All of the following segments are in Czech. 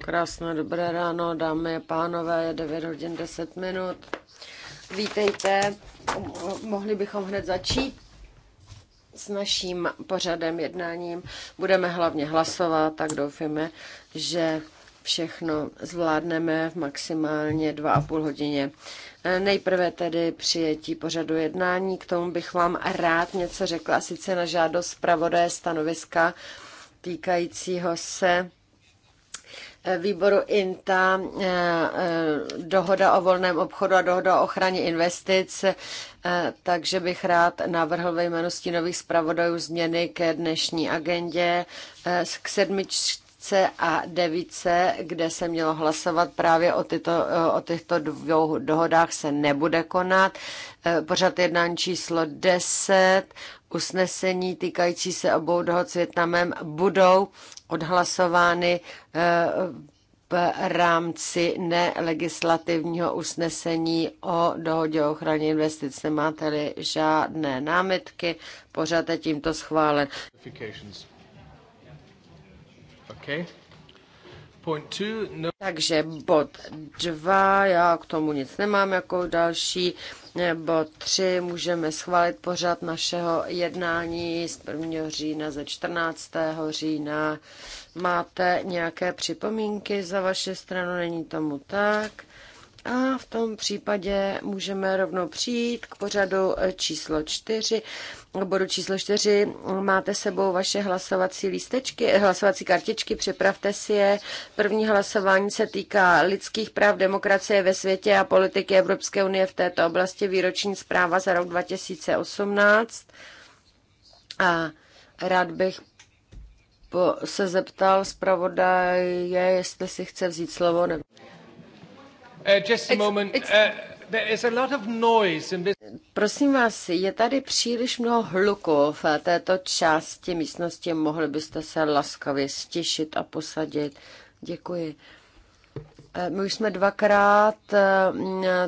Krásné dobré ráno, dámy a pánové, je 9 hodin 10 minut. Vítejte, mohli bychom hned začít s naším pořadem jednáním. Budeme hlavně hlasovat, tak doufíme, že všechno zvládneme v maximálně 2,5 hodině. Nejprve tedy přijetí pořadu jednání, k tomu bych vám rád něco řekla, sice na žádost zpravodaje stanoviska týkajícího se eh, výboru INTA eh, eh, dohoda o volném obchodu a dohoda o ochraně investic, takže bych rád navrhl ve jménu stínových zpravodajů změny ke dnešní agendě k sedmičce pětce a devíce, kde se mělo hlasovat právě o, tyto, o těchto dvou dohodách, se nebude konat. E, pořad jednání číslo 10, usnesení týkající se obou dohod s Větnamem budou odhlasovány e, v rámci nelegislativního usnesení o dohodě o ochraně investic. Nemáte-li žádné námitky, pořád je tímto schválen. Okay. Point two, no. Takže bod 2, já k tomu nic nemám jako další. Eh, bod 3, můžeme schválit pořad našeho jednání z 1. října ze 14. října. Máte nějaké připomínky za vaše stranu? Není tomu tak. A v tom případě můžeme rovnou přijít k pořadu eh, číslo čtyři. K bodu číslo čtyři máte sebou vaše hlasovací lístečky, eh, hlasovací kartičky, připravte si je. První hlasování se týká lidských práv, demokracie ve světě a politiky Evropské unie v této oblasti, výroční zpráva za rok 2018. A rád bych se zeptal zpravodaje, jestli si chce vzít slovo. Nebo... Uh, uh, Prosím vás, je tady příliš mnoho hluku v této části místnosti. Mohli byste se laskavě stěšit a posadit. Děkuji. My už jsme dvakrát eh,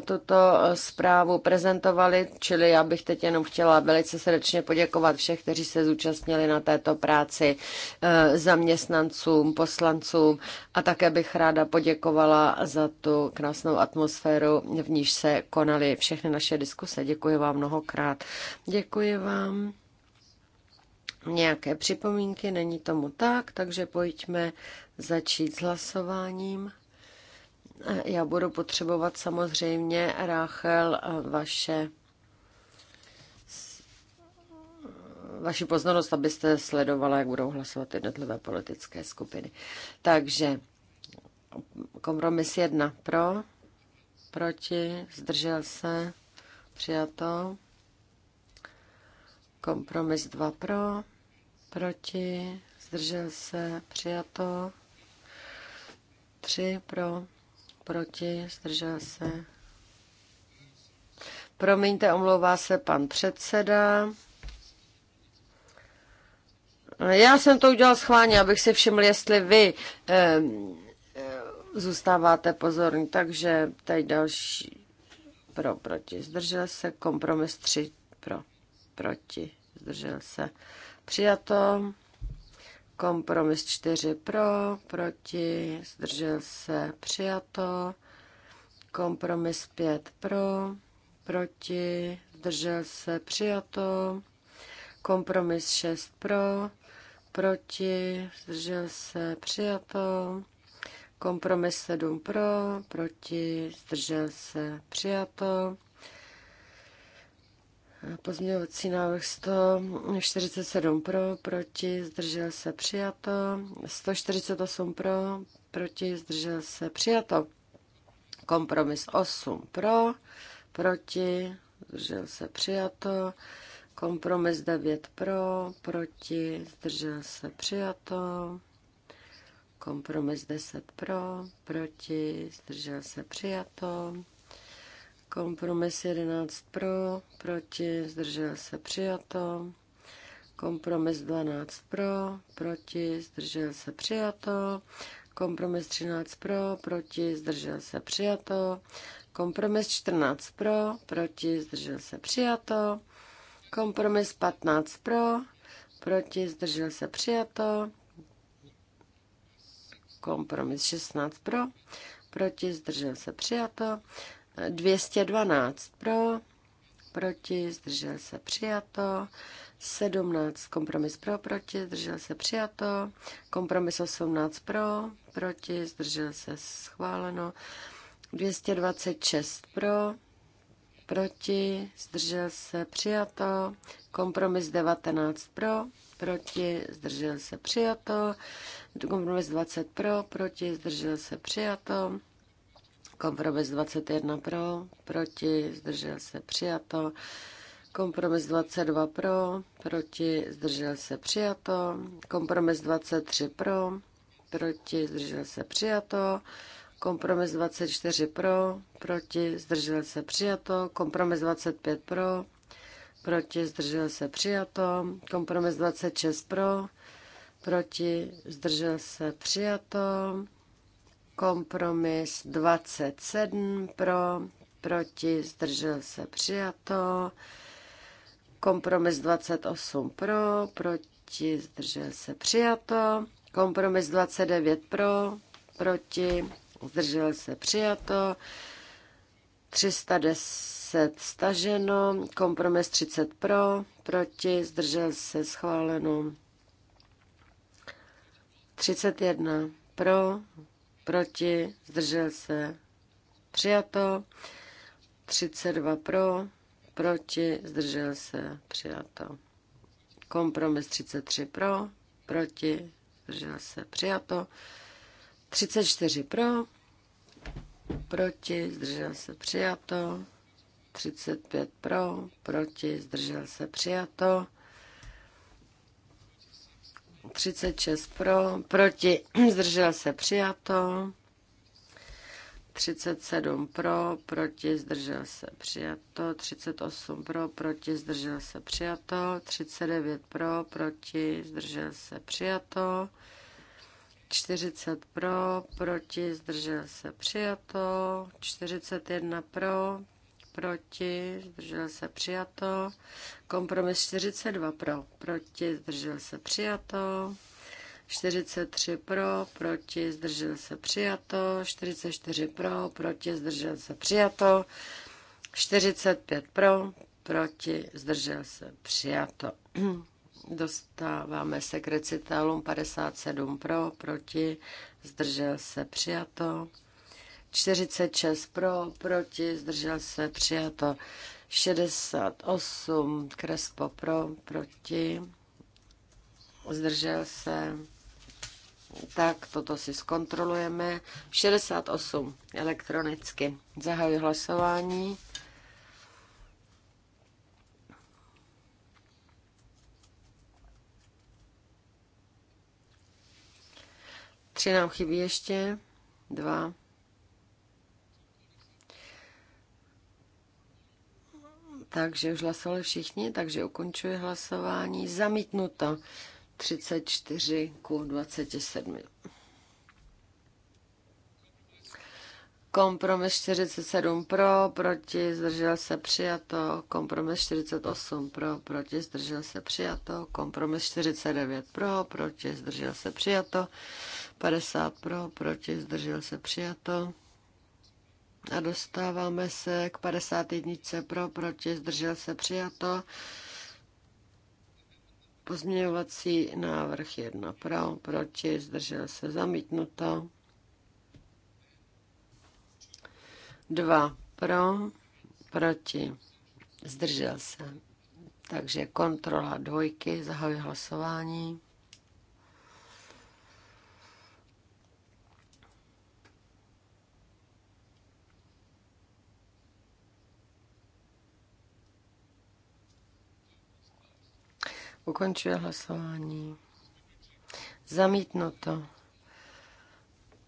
tuto zprávu prezentovali, čili já bych teď jenom chtěla velice srdečně poděkovat všech, kteří se zúčastnili na této práci, eh, zaměstnancům, poslancům a také bych ráda poděkovala za tu krásnou atmosféru, v níž se konaly všechny naše diskuse. Děkuji vám mnohokrát. Děkuji vám. Nějaké připomínky, není tomu tak, takže pojďme začít s hlasováním. Já budu potřebovat samozřejmě, Ráchel, vaše vaši pozornost, abyste sledovala, jak budou hlasovat jednotlivé politické skupiny. Takže kompromis jedna pro, proti, zdržel se, přijato. Kompromis dva pro, proti, zdržel se, přijato. Tři pro, proti, zdržel se. Promiňte, omlouvá se pan předseda. Já jsem to udělal schválně, abych si všiml, jestli vy eh, zůstáváte pozorní. Takže tady další pro, proti, zdržel se, kompromis 3 pro, proti, zdržel se. Přijato. Kompromis 4 pro, proti, zdržel se, přijato. Kompromis 5 pro, proti, zdržel se, přijato. Kompromis 6 pro, proti, zdržel se, přijato. Kompromis 7 pro, proti, zdržel se, přijato. Pozměňovací návrh 147 pro, proti, zdržel se přijato. 148 pro, proti, zdržel se přijato. Kompromis 8 pro, proti, zdržel se přijato. Kompromis 9 pro, proti, zdržel se přijato. Kompromis 10 pro, proti, zdržel se přijato. Kompromis 11 pro, proti, zdržel se přijato. Kompromis 12 pro, proti, zdržel se přijato. Kompromis 13 pro, proti, zdržel se přijato. Kompromis 14 pro, proti, zdržel se přijato. Kompromis 15 pro, proti, zdržel se přijato. Kompromis 16 pro, proti, zdržel se přijato. 212 pro, proti, zdržel se přijato. 17 kompromis pro, proti, zdržel se přijato. Kompromis 18 pro, proti, zdržel se schváleno. 226 pro, proti, zdržel se přijato. Kompromis 19 pro, proti, zdržel se přijato. Kompromis 20 pro, proti, zdržel se přijato. Kompromis 21 pro, proti, zdržel se přijato. Kompromis 22 pro, proti, zdržel se přijato. Kompromis 23 pro, proti, zdržel se přijato. Kompromis 24 pro, proti, zdržel se přijato. Kompromis 25 pro, proti, zdržel se přijato. Kompromis 26 pro, proti, zdržel se přijato. Kompromis 27 pro, proti, zdržel se přijato. Kompromis 28 pro, proti, zdržel se přijato. Kompromis 29 pro, proti, zdržel se přijato. 310 staženo, kompromis 30 pro, proti, zdržel se schváleno. 31 pro, proti, zdržel se, přijato. 32 pro, proti, zdržel se, přijato. Kompromis 33 pro, proti, zdržel se, přijato. 34 pro, proti, zdržel se, přijato. 35 pro, proti, zdržel se, přijato. 36 pro, proti, zdržel se přijato. 37 pro, proti, zdržel se přijato. 38 pro, proti, zdržel se přijato. 39 pro, proti, zdržel se přijato. 40 pro, proti, zdržel se přijato. 41 pro, proti, zdržel se přijato. Kompromis 42 pro, proti, zdržel se přijato. 43 pro, proti, zdržel se přijato. 44 pro, proti, zdržel se přijato. 45 pro, proti, zdržel se přijato. Dostáváme se k recitálům 57 pro, proti, zdržel se přijato. 46 pro, proti, zdržel se, přijato. 68 krespo pro, proti, zdržel se. Tak toto si zkontrolujeme. 68 elektronicky. Zahajuji hlasování. Tři nám chybí ještě. Dva. Takže už hlasovali všichni, takže ukončuji hlasování. Zamítnuto 34 ku 27. Kompromis 47 pro, proti, zdržel se přijato. Kompromis 48 pro, proti, zdržel se přijato. Kompromis 49 pro, proti, zdržel se přijato. 50 pro, proti, zdržel se přijato. A dostáváme se k 51. pro, proti, zdržel se přijato. Pozměňovací návrh 1 pro, proti, zdržel se zamítnuto. 2 pro, proti, zdržel se. Takže kontrola dvojky, zahajuji hlasování. Ukončuje hlasování. Zamítnuto.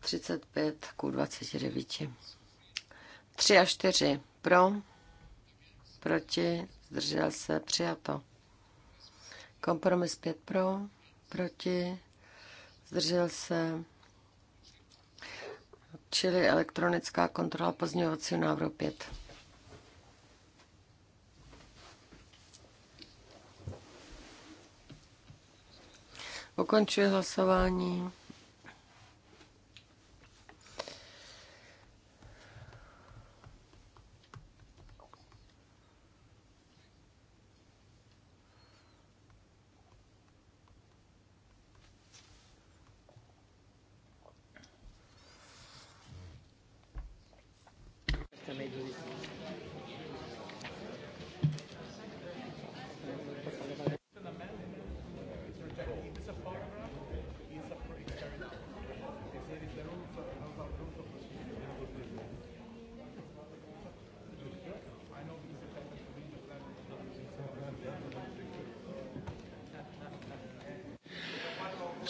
35 ku 29. 3 a 4 pro, proti, zdržel se, přijato. Kompromis 5 pro, proti, zdržel se, čili elektronická kontrola pozměňovacího návrhu 5. Ukončuji hlasování.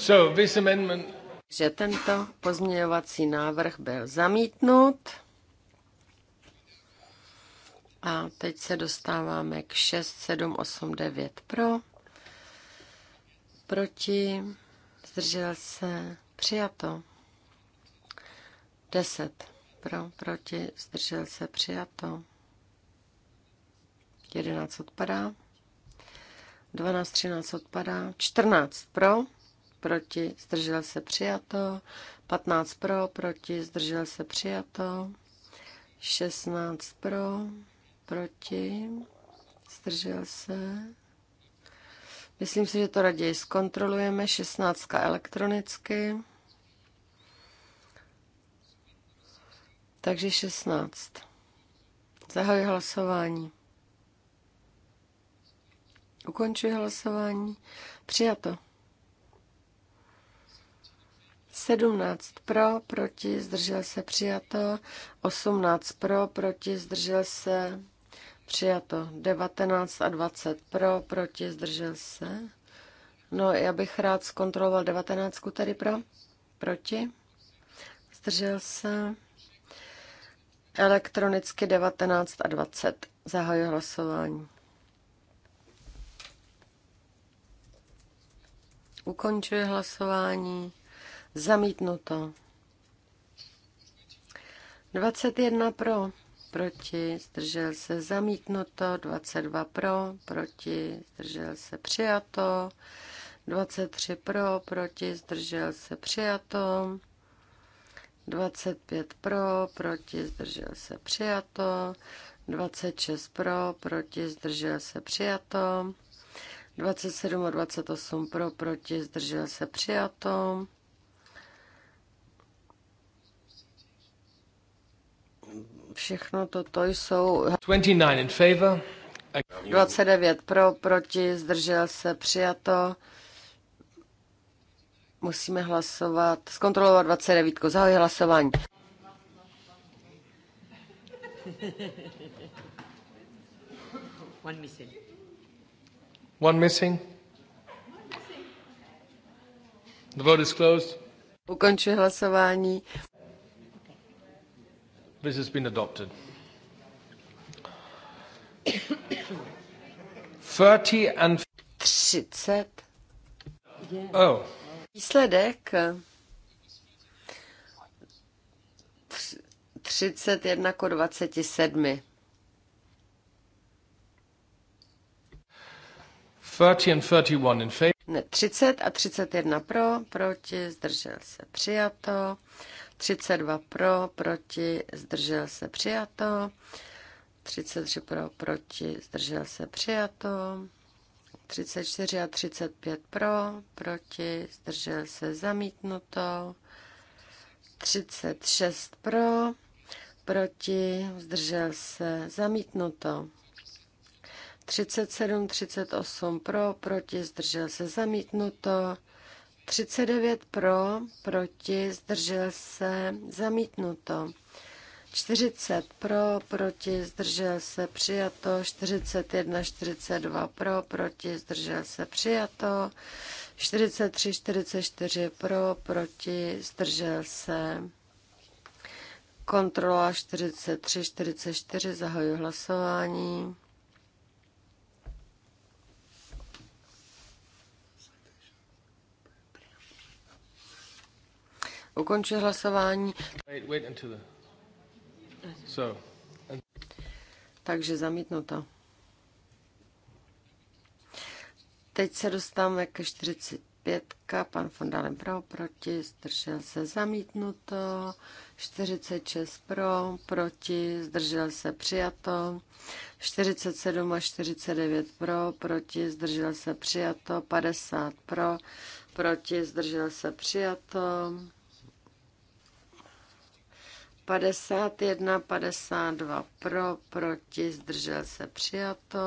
So, this amendment... Že tento pozměňovací návrh byl zamítnut. A teď se dostáváme k 6, 7, 8, 9 pro. Proti. Zdržel se. Přijato. 10 pro. Proti. Zdržel se. Přijato. 11 odpadá. 12, 13 odpadá. 14 pro proti, zdržel se přijato. 15 pro, proti, zdržel se přijato. 16 pro, proti, zdržel se. Myslím si, že to raději zkontrolujeme. 16 elektronicky. Takže 16. Zahajuji hlasování. Ukončuji hlasování. Přijato. 17 pro, proti, zdržel se přijato. 18 pro, proti, zdržel se přijato. 19 a 20 pro, proti, zdržel se. No, já bych rád zkontroloval 19 tady pro, proti, zdržel se. Elektronicky 19 a 20. Zahajuji hlasování. Ukončuji hlasování. Zamítnuto. 21 pro, proti, zdržel se zamítnuto, 22 pro, proti, zdržel se přijato, 23 pro, proti, zdržel se přijato, 25 pro, proti, zdržel se přijato, 26 pro, proti, zdržel se přijato, 27 a 28 pro, proti, zdržel se přijato, Všechno toto jsou 29 pro, proti, zdržel se, přijato. Musíme hlasovat, zkontrolovat 29. Zahoj hlasování. One missing. One missing. The vote is closed. Ukončuji hlasování. This has been adopted. 30 and 30. Oh. Výsledek 31 k 27. 30 and 31 in favor. Ne, 30 a 31 pro, proti, zdržel se přijato. 32 pro, proti, zdržel se přijato. 33 pro, proti, zdržel se přijato. 34 a 35 pro, proti, zdržel se zamítnuto. 36 pro, proti, zdržel se zamítnuto. 37, 38 pro, proti, zdržel se zamítnuto. 39 pro, proti, zdržel se, zamítnuto. 40 pro, proti, zdržel se, přijato. 41, 42 pro, proti, zdržel se, přijato. 43, 44 pro, proti, zdržel se. Kontrola 43, 44, zahoju hlasování. Ukončuji hlasování. Wait, wait until the... so. And... Takže zamítnuto. Teď se dostáváme ke 45. Pan von Dalen pro, proti, zdržel se zamítnuto. 46 pro, proti, zdržel se přijato. 47 a 49 pro, proti, zdržel se přijato. 50 pro, proti, zdržel se přijato. 51, 52 pro, proti, zdržel se přijato.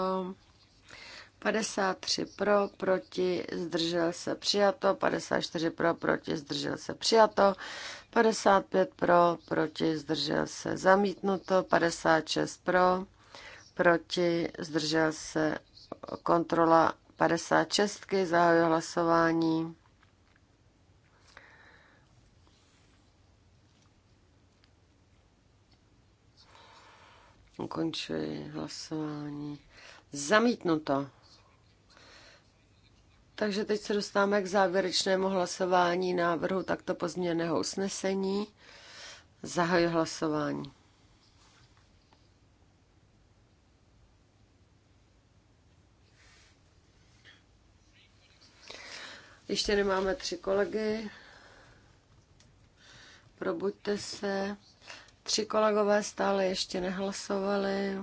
53 pro, proti, zdržel se přijato. 54 pro, proti, zdržel se přijato. 55 pro, proti, zdržel se zamítnuto. 56 pro, proti, zdržel se kontrola 56. Zahajuji hlasování. Ukončuji hlasování. Zamítnuto. Takže teď se dostáváme k závěrečnému hlasování návrhu takto pozměněného usnesení. Zahajuji hlasování. Ještě nemáme tři kolegy. Probuďte se. Tři kolegové stále ještě nehlasovali.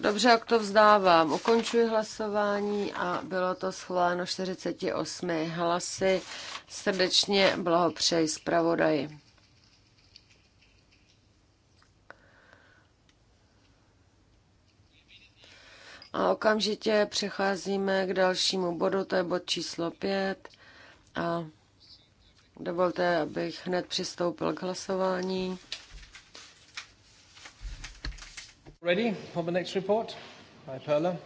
Dobře, jak to vzdávám. Ukončuji hlasování a bylo to schváleno 48 hlasy. Srdečně blahopřeji zpravodaji. A okamžitě přecházíme k dalšímu bodu, to je bod číslo 5. A Dovolte, abych hned přistoupil k hlasování. Ready for the next report by Perla?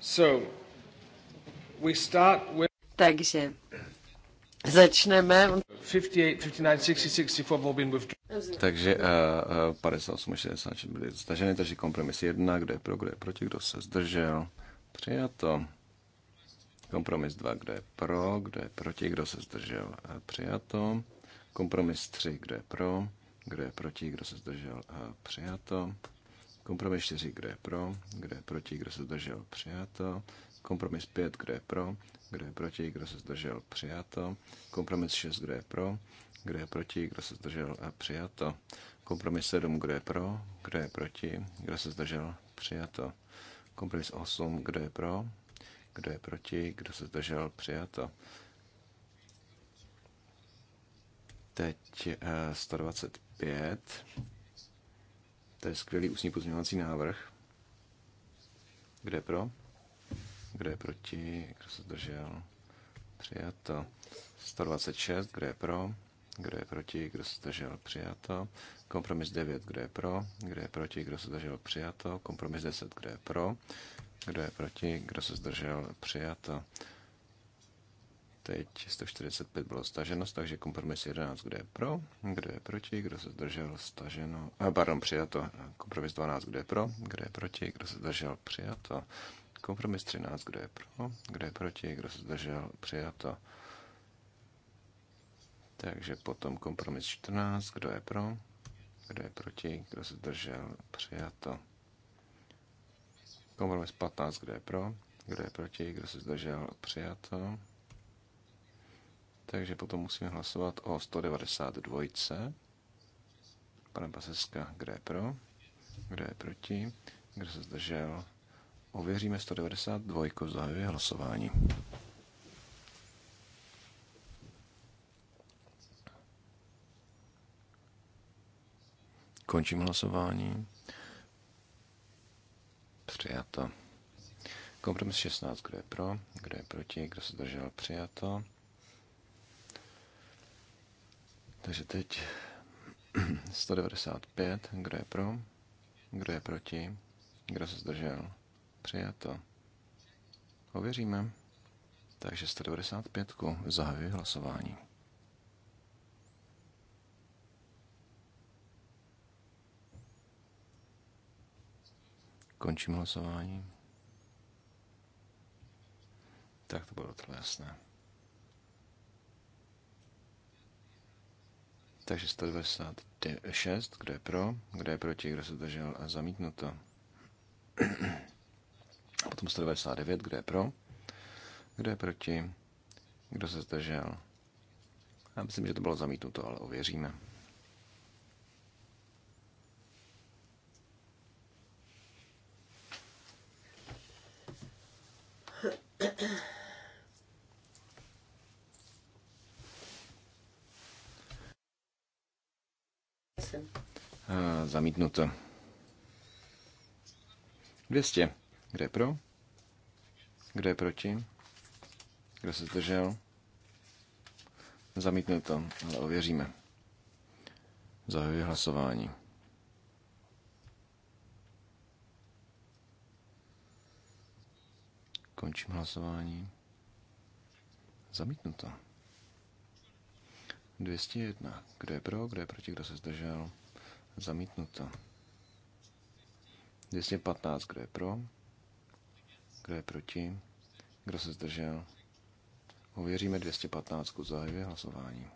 So, we start with... Takže začneme. 58, 59, 60, 64 have been Takže uh, 58, 66 byly staženy, takže kompromis Jedna, kdo je pro, kdo je proti, kdo se zdržel. Přijato. Kompromis 2, kdo je pro, kdo je proti, kdo se zdržel, a přijato. Kompromis 3, kdo je pro, kdo je proti, kdo se zdržel, a přijato. Kompromis 4, kdo je pro, kdo je proti, kdo se zdržel, přijato. Kompromis 5, kdo je pro, kdo je proti, kdo se zdržel, přijato. Kompromis 6, kdo je pro, kdo je proti, kdo se zdržel, a přijato. Kompromis 7, kdo je pro, kdo je proti, kdo se zdržel, přijato. Kompromis 8, kdo je pro, kdo je proti? Kdo se zdržel? Přijato. Teď 125. Eh, to je skvělý ústní pozměňovací návrh. Kdo je pro? Kdo je proti? Kdo se zdržel? Přijato. 126. Kdo je pro? Kdo je proti? Kdo se zdržel? Přijato. Kompromis 9. Kdo je pro? Kdo je proti? Kdo se zdržel? Přijato. Kompromis 10. Kdo je pro? Kdo je proti? Kdo se zdržel? Přijato. Teď 145 bylo staženo, takže kompromis 11, Kdo je pro, Kdo je proti, kdo se zdržel, staženo, a pardon, přijato, kompromis 12, Kdo je pro, Kdo je proti, kdo se zdržel, přijato, kompromis 13, Kdo je pro, Kdo je proti, kdo se zdržel, přijato. Takže potom kompromis 14, kdo je pro, kdo je proti, kdo se zdržel, přijato. Kompromis 15, kdo je pro, kdo je proti, kdo se zdržel, přijato. Takže potom musíme hlasovat o 192. Pane Baseska, kdo je pro, kdo je proti, kdo se zdržel. Ověříme 192, zahajuje hlasování. Končím hlasování. Přijato. Kompromis 16. Kdo je pro? Kdo je proti? Kdo se držel? Přijato. Takže teď 195. Kdo je pro? Kdo je proti? Kdo se zdržel? Přijato. Ověříme. Takže 195. Zahajuji hlasování. Končím hlasování. Tak to bylo docela jasné. Takže 196, kdo je pro, kdo je proti, kdo se držel a zamítnuto. Potom 199, kdo je pro, kdo je proti, kdo se zdržel. Já myslím, že to bylo zamítnuto, ale ověříme. Eh, zamítnuto. 200. Kde je pro? Kde je proti? Kdo se zdržel? Zamítnuto, ale ověříme. Zahajuji hlasování. Končím hlasování. Zamítnuto. 201. Kdo je pro, kdo je proti, kdo se zdržel? Zamítnuto. 215. Kdo je pro, kdo je proti, kdo se zdržel? Ověříme 215. Zahajuje hlasování.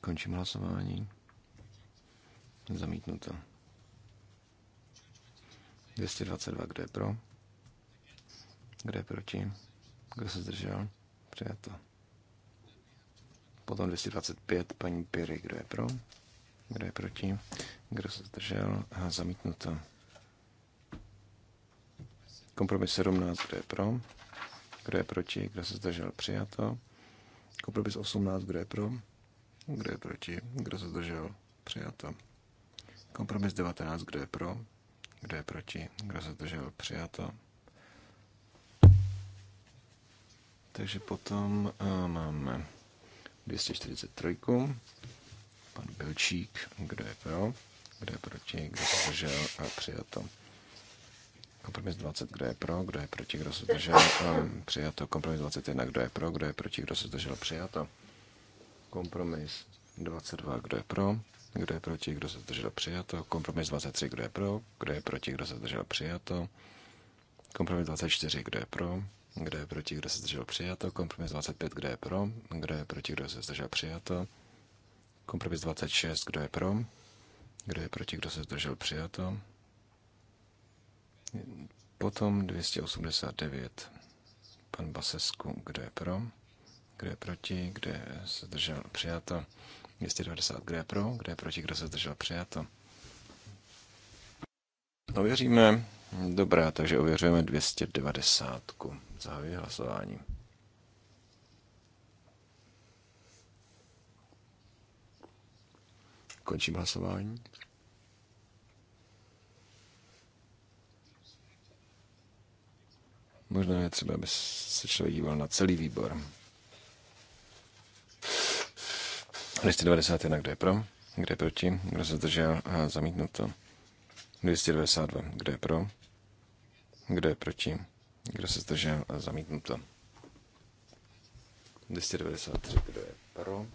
Končím hlasování. Zamítnuto. 222, kdo je pro? Kdo je proti? Kdo se zdržel? Přijato. Potom 225, paní Piry, kdo je pro? Kdo je proti? Kdo se zdržel? A zamítnuto. Kompromis 17, kdo je pro? Kdo je proti? Kdo se zdržel? Přijato. Kompromis 18, kdo je pro? Kdo je proti? Kdo se zdržel? Přijato. Kompromis 19, kdo je pro, kdo je proti, kdo se držel přijato. Takže potom eh, máme 243, pan Bilčík, kdo je pro, kdo je proti, kdo se držel a eh, přijato. Kompromis 20, kdo je pro, kdo je proti, kdo se a eh, přijato. Kompromis 21, kdo je pro, kdo je proti, kdo se zdržel, přijato. Kompromis 22, kdo je pro, kdo je proti, kdo se zdržel přijato. Kompromis 23, kdo je pro, kdo je proti, kdo se zdržel přijato. Kompromis 24, kdo je pro, kdo je proti, kdo se zdržel přijato. Kompromis 25, kdo je pro, kdo je proti, kdo se zdržel přijato. Kompromis 26, kdo je pro, kdo je proti, kdo se zdržel přijato. Potom 289, pan Basesku, kdo je pro, kdo je proti, kdo se zdržel přijato. 290, kde je pro, kde je proti, kdo se zdržel, přijato. Ověříme. Dobrá, takže ověřujeme 290. Zahajuji hlasování. Končím hlasování. Možná je třeba, aby se člověk díval na celý výbor. 291, kdo je pro? Kdo je proti? Kdo se zdržel? to. 292, kdo je pro? Kdo je proti? Kdo se zdržel? to. 293, kdo je pro?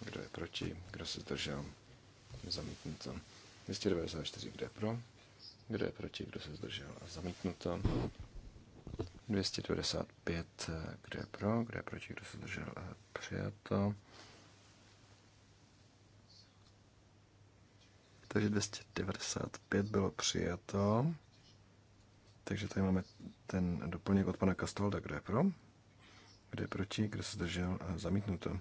Kdo je proti? Kdo se zdržel? to. 294, kdo je pro? Kdo je proti? Kdo se zdržel? to. 295, kdo je pro? Kdo je proti? Kdo se zdržel? Přijato. takže 295 bylo přijato. Takže tady máme ten doplněk od pana Kastolda, kdo je pro, kdo je proti, kdo se zdržel, zamítnuto.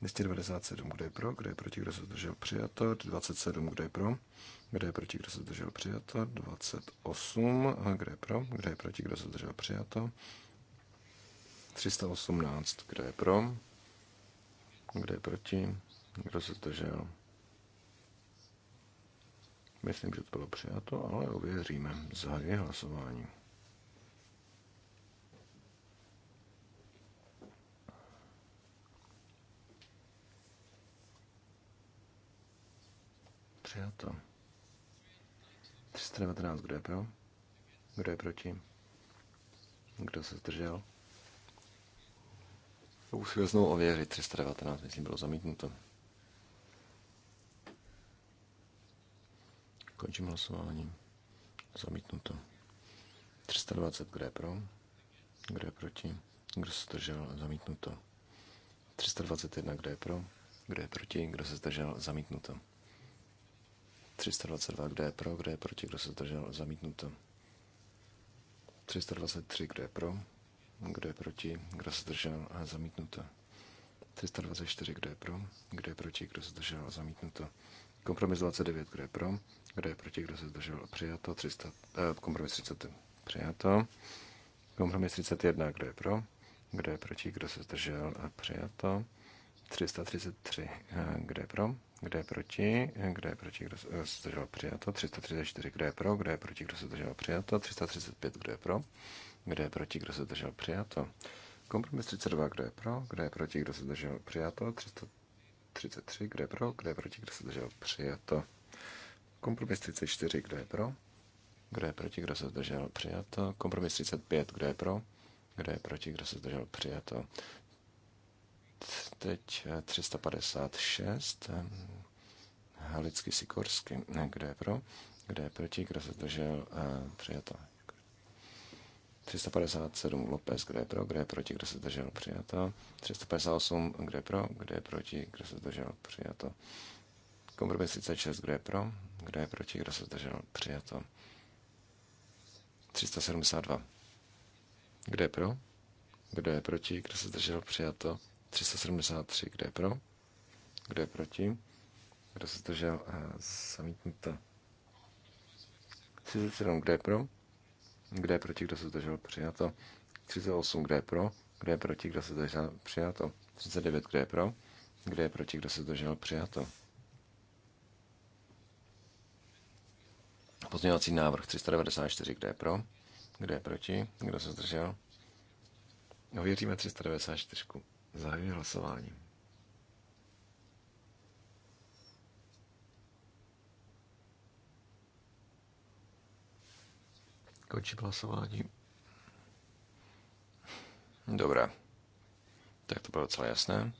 297, kdo je pro, kdo je proti, kdo se zdržel, přijato. 27, kdo je pro, kdo je proti, kdo se zdržel, přijato. 28, kdo je pro, kdo je proti, kdo se zdržel, přijato. 318, kdo je pro, kdo je proti, kdo se zdržel, Myslím, že to bylo přijato, ale ověříme. Zahajuji hlasování. Přijato. 319, kdo je pro? Kdo je proti? Kdo se zdržel? To musíme znovu ověřit. 319, myslím, bylo zamítnuto. Končím hlasování. Zamítnuto. 320, kdo je pro? Kdo je proti? Kdo se zdržel? Zamítnuto. 321, kdo je pro? Kdo je proti? Kdo se zdržel? Zamítnuto. 322, kdo je pro? Kdo je proti? Kdo se zdržel? Zamítnuto. 323, kdo je pro? Kdo je proti? Kdo se zdržel? Zamítnuto. 324, kdo je pro? Kdo je proti? Kdo se zdržel? Zamítnuto. Kompromis 29, kdo je pro? Kdo je proti, kdo se zdržel? Přijato. 300, eh, kompromis 30. Přijato. Kompromis 31. Kdo je pro? Kdo je proti, kdo se zdržel? Přijato. 333. Kdo je pro? Kdo je proti? Kdo je proti, kdo se zdržel? Přijato. 334. Kdo je pro? Kdo je proti, kdo se zdržel? Přijato. 335. Kdo je pro? Kdo je proti, kdo se zdržel? Přijato. Kompromis 32. Kdo je pro? Kdo je proti, kdo se zdržel? Přijato. 333. Kdo je pro? Kdo je proti, kdo se zdržel? Přijato. Kompromis 34, kdo je pro? Kdo je proti, kdo se zdržel? Přijato. Kompromis 35, kdo je pro? Kdo je proti, kdo se zdržel? Přijato. Teď 356. Halicky Sikorsky. Kdo je pro? Kdo je proti, kdo se zdržel? Přijato. 357 Lopez, kdo je pro, kdo je proti, kdo se zdržel, přijato. 358, kdo je pro, kdo je proti, kdo se zdržel, přijato. Kompromis 36, kdo je pro, kdo je proti? Kdo se zdržel? Přijato. 372. Kdo je pro? Kdo je proti? Kdo se zdržel? Přijato. 373. Kdo je pro? Kdo je proti? Kdo se zdržel? Zamítnuto. 37. Kdo je pro? Kdo je proti? Kdo se zdržel? Přijato. 38. Kdo je pro? Kdo je proti? Kdo se zdržel? Přijato. 39. Kdo je pro? Kdo je proti? Kdo se zdržel? Přijato. Pozměňovací návrh 394, kde je pro? Kde je proti? Kdo se zdržel? Ověříme 394. Zahajuji hlasování. Končím hlasování. Dobré. Tak to bylo docela jasné.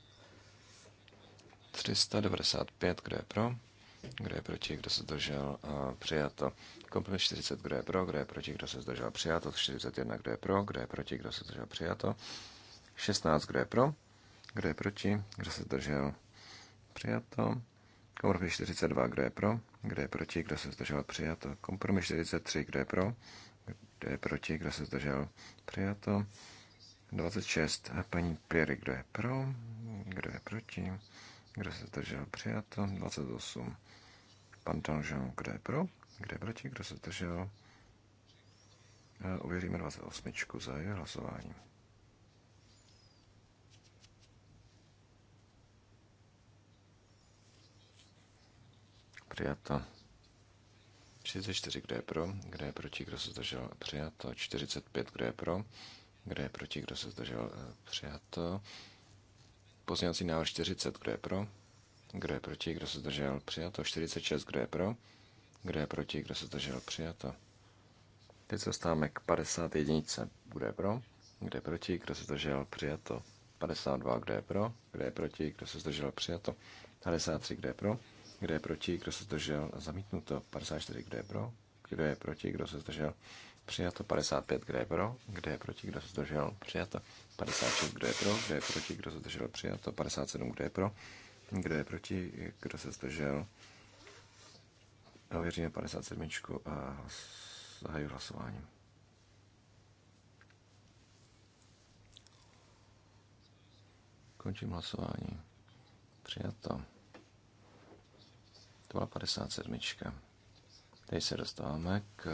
395, kde je pro? kdo je proti, kdo se zdržel, uh, přijato. Kompromis 40, kdo je pro, kdo je proti, kdo se zdržel, přijato. 41, kdo je pro, kdo je proti, kdo se zdržel, přijato. 16, kdo je pro, kdo je proti, kdo se zdržel, přijato. Kompromis 42, kdo je pro, kdo je proti, kdo se zdržel, přijato. Kompromis 43, kdo je pro, kdo je proti, kdo se zdržel, přijato. 26, a paní Pěry, kdo je pro, kdo je proti, kdo se zdržel, přijato. 28, Pan Tanžan, kde je pro? kde je proti? Kdo se zdržel? Uvěříme 28 za jeho hlasování. Přijato. 34, kdo je pro, kdo je proti, kdo se zdržel, přijato. 45, kdo je pro, kdo je proti, kdo se zdržel, e, přijato. Pozměňovací návrh 40, kdo je pro, kdo je proti? Kdo se zdržel? Přijato. 46. Kdo je pro? Kdo je proti? Kdo se zdržel? Přijato. Teď se dostáváme k 51. Kdo je pro? Kdo je proti? Kdo se zdržel? Přijato. 52. Kdo je pro? Kdo je proti? Kdo se zdržel? Přijato. 53. Kdo je pro? Kdo je proti? Kdo se zdržel? Zamítnuto. 54. Kdo je pro? Kdo je proti? Kdo se zdržel? Přijato 55, kdo je pro, kdo je proti, kdo se zdržel, přijato 56, kdo je pro, kdo je proti, kdo se zdržel, přijato 57, kdo je pro, kdo je proti? Kdo se zdržel? Ověříme 57 a zahajuji hlasování. Končím hlasování. Přijato. To byla 57. Teď se dostáváme k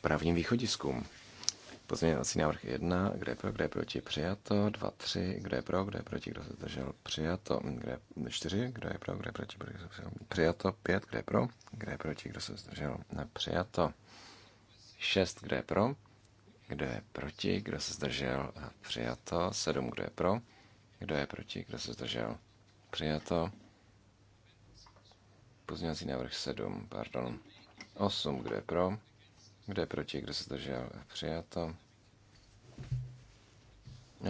právním východiskům. Pozměňovací návrh 1, kde je pro, kde je proti, přijato. 2, 3, kde je pro, kde je proti, kdo se zdržel, přijato. 4, kdo je pro, kde je proti, kdo se zdržel, přijato. 5, kde je pro, kde je proti, kdo se zdržel, přijato. 6, kde je pro, kdo je proti, kdo se zdržel, přijato. 7, kdo je pro, kdo je proti, kdo se zdržel, přijato. Pozměňovací návrh 7, pardon. 8, kdo je pro, kdo je proti? Kdo se držel? Přijato.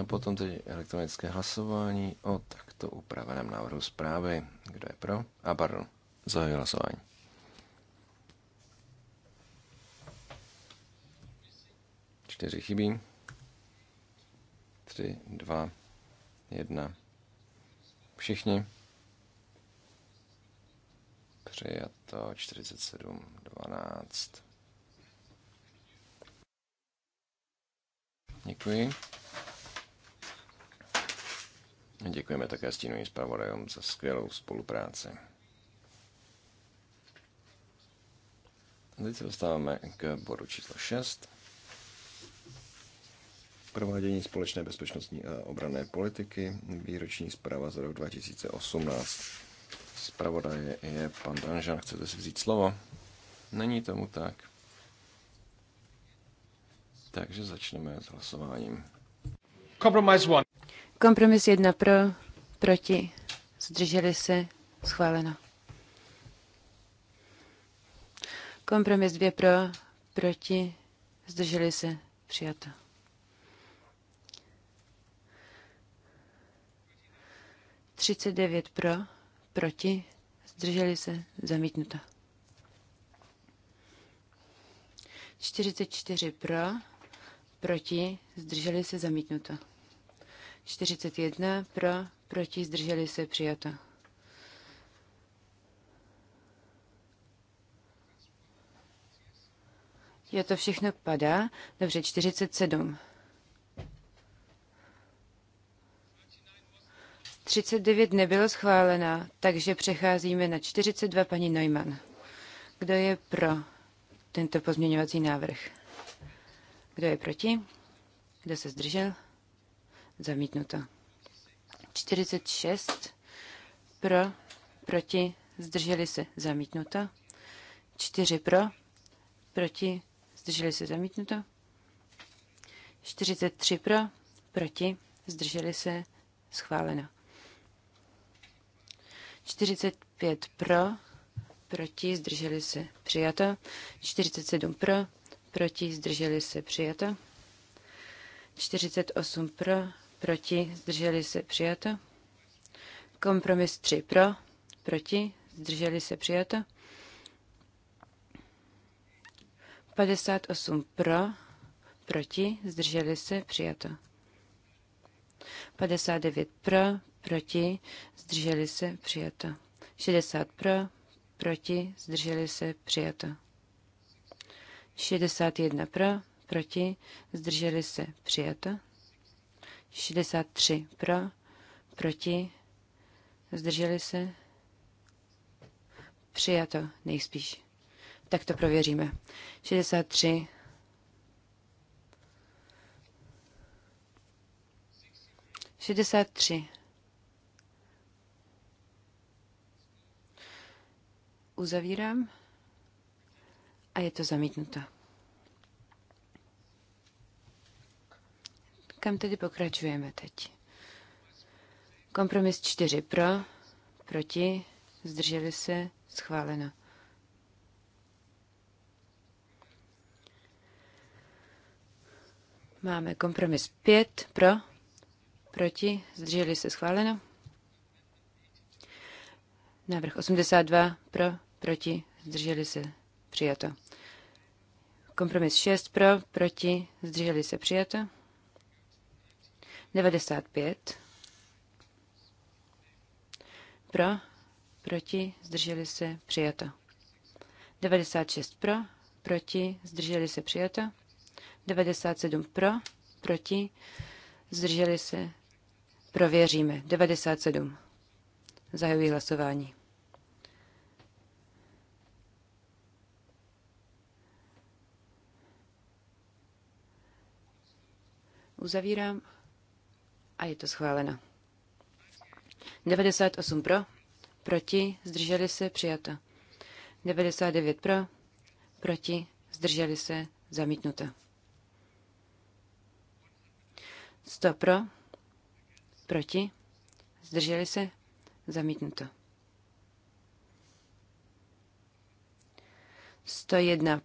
A potom tedy elektronické hlasování o takto upraveném návrhu zprávy. Kdo je pro? A pardon, zahajuji hlasování. Čtyři chybí. Tři, dva, jedna. Všichni. Přijato 47, 12. Děkuji. Děkujeme také stínovým zpravodajům za skvělou spolupráci. A teď se dostáváme k bodu číslo 6. Provádění společné bezpečnostní a obrané politiky, výroční zpráva za rok 2018. Zpravodaje je pan Danžan, chcete si vzít slovo? Není tomu tak. Takže začneme s hlasováním. Kompromis jedna Kompromis pro, proti, zdrželi se, schváleno. Kompromis dvě pro, proti, zdrželi se, přijato. Třicet devět pro, proti, zdrželi se, zamítnuto. 44 pro, proti, zdrželi se zamítnuto. 41 pro, proti, zdrželi se přijato. Jo, to všechno padá. Dobře, 47. 39 nebylo schválena, takže přecházíme na 42 paní Neumann. Kdo je pro tento pozměňovací návrh? Kdo je proti? Kdo se zdržel? Zamítnuto. 46 pro, proti, zdrželi se, zamítnuto. 4 pro, proti, zdrželi se, zamítnuto. 43 pro, proti, zdrželi se, schváleno. 45 pro, proti, zdrželi se, přijato. 47 pro, proti, zdrželi se, přijato. 48 pro, proti, zdrželi se, přijato. Kompromis 3 pro, proti, zdrželi se, přijato. 58 pro, proti, zdrželi se, přijato. 59 pro, proti, zdrželi se, přijato. 60 pro, proti, zdrželi se, přijato. 61 pro, proti, zdrželi se, přijato. 63 pro, proti, zdrželi se, přijato, nejspíš. Tak to prověříme. 63 63 Uzavírám a je to zamítnuto. Kam tedy pokračujeme teď? Kompromis 4 pro, proti, zdrželi se, schváleno. Máme kompromis 5 pro, proti, zdrželi se, schváleno. Návrh 82 pro, proti, zdrželi se, přijato. Kompromis 6 pro, proti, zdrželi se přijato. 95 pro, proti, zdrželi se přijato. 96 pro, proti, zdrželi se přijato. 97 pro, proti, zdrželi se, prověříme. 97. Zahajuji hlasování. Uzavírám a je to schváleno. 98 pro, proti, zdrželi se, přijato. 99 pro, proti, zdrželi se, zamítnuto. 100 pro, proti, zdrželi se, zamítnuto. 101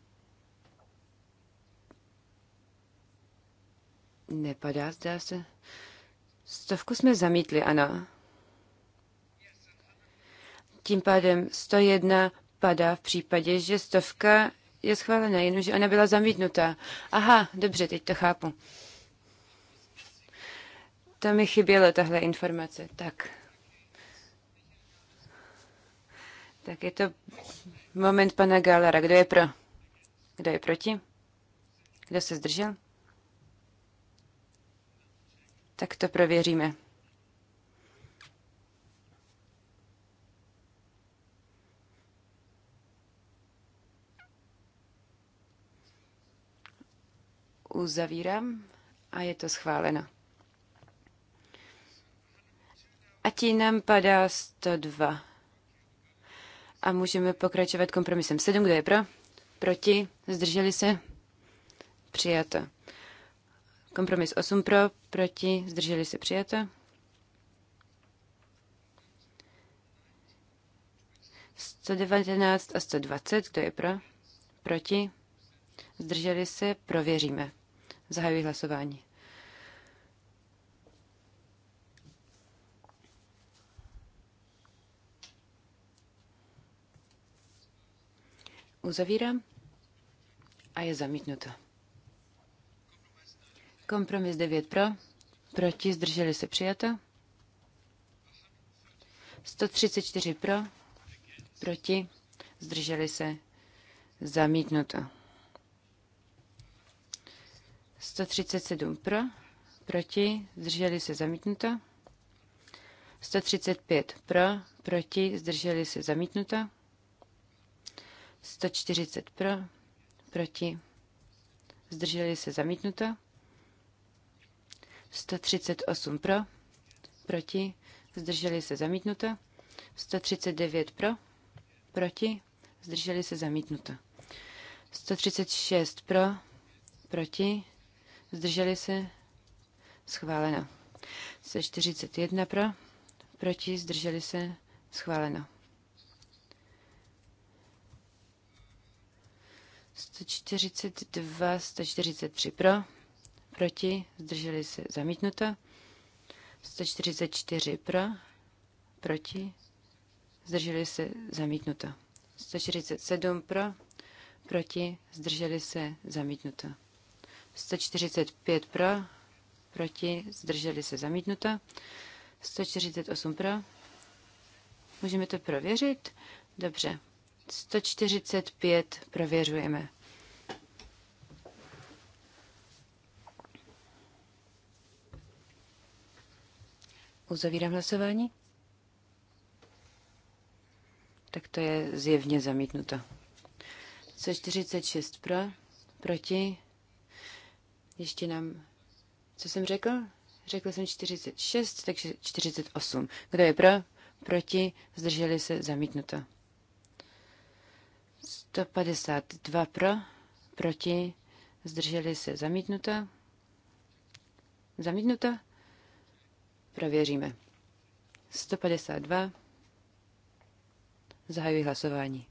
Nepadá, zdá se. Stovku jsme zamítli, ano. Tím pádem 101 padá v případě, že stovka je schválena, jenomže ona byla zamítnutá. Aha, dobře, teď to chápu. To mi chybělo, tahle informace. Tak. Tak je to moment pana Galera. Kdo je pro? Kdo je proti? Kdo se zdržel? Tak to prověříme. Uzavírám a je to schváleno. A ti nám padá 102. A můžeme pokračovat kompromisem 7. Kdo je pro? Proti? Zdrželi se? Přijato. Kompromis 8 pro, proti, zdrželi se přijato. 119 a 120, kdo je pro? Proti? Zdrželi se? Prověříme. Zahajuji hlasování. Uzavírám a je zamítnuto. Kompromis 9 pro, proti, zdrželi se přijato. 134 pro, proti, zdrželi se zamítnuto. 137 pro, proti, zdrželi se zamítnuto. 135 pro, proti, zdrželi se zamítnuto. 140 pro, proti, zdrželi se zamítnuto. 138 pro, proti, zdrželi se zamítnuto, 139 pro, proti, zdrželi se zamítnuto, 136 pro, proti, zdrželi se schváleno, 141 pro, proti, zdrželi se schváleno. 142, 143 pro, proti, zdrželi se zamítnuto. 144 pro, proti, zdrželi se zamítnuto. 147 pro, proti, zdrželi se zamítnuto. 145 pro, proti, zdrželi se zamítnuto. 148 pro. Můžeme to prověřit? Dobře. 145 prověřujeme. Uzavírám hlasování. Tak to je zjevně zamítnuto. 46 pro, proti. Ještě nám, co jsem řekl? Řekl jsem 46, takže 48. Kdo je pro? Proti. Zdrželi se zamítnuto. 152 pro, proti. Zdrželi se zamítnuto. Zamítnuto? Prověříme. 152. Zahajuji hlasování.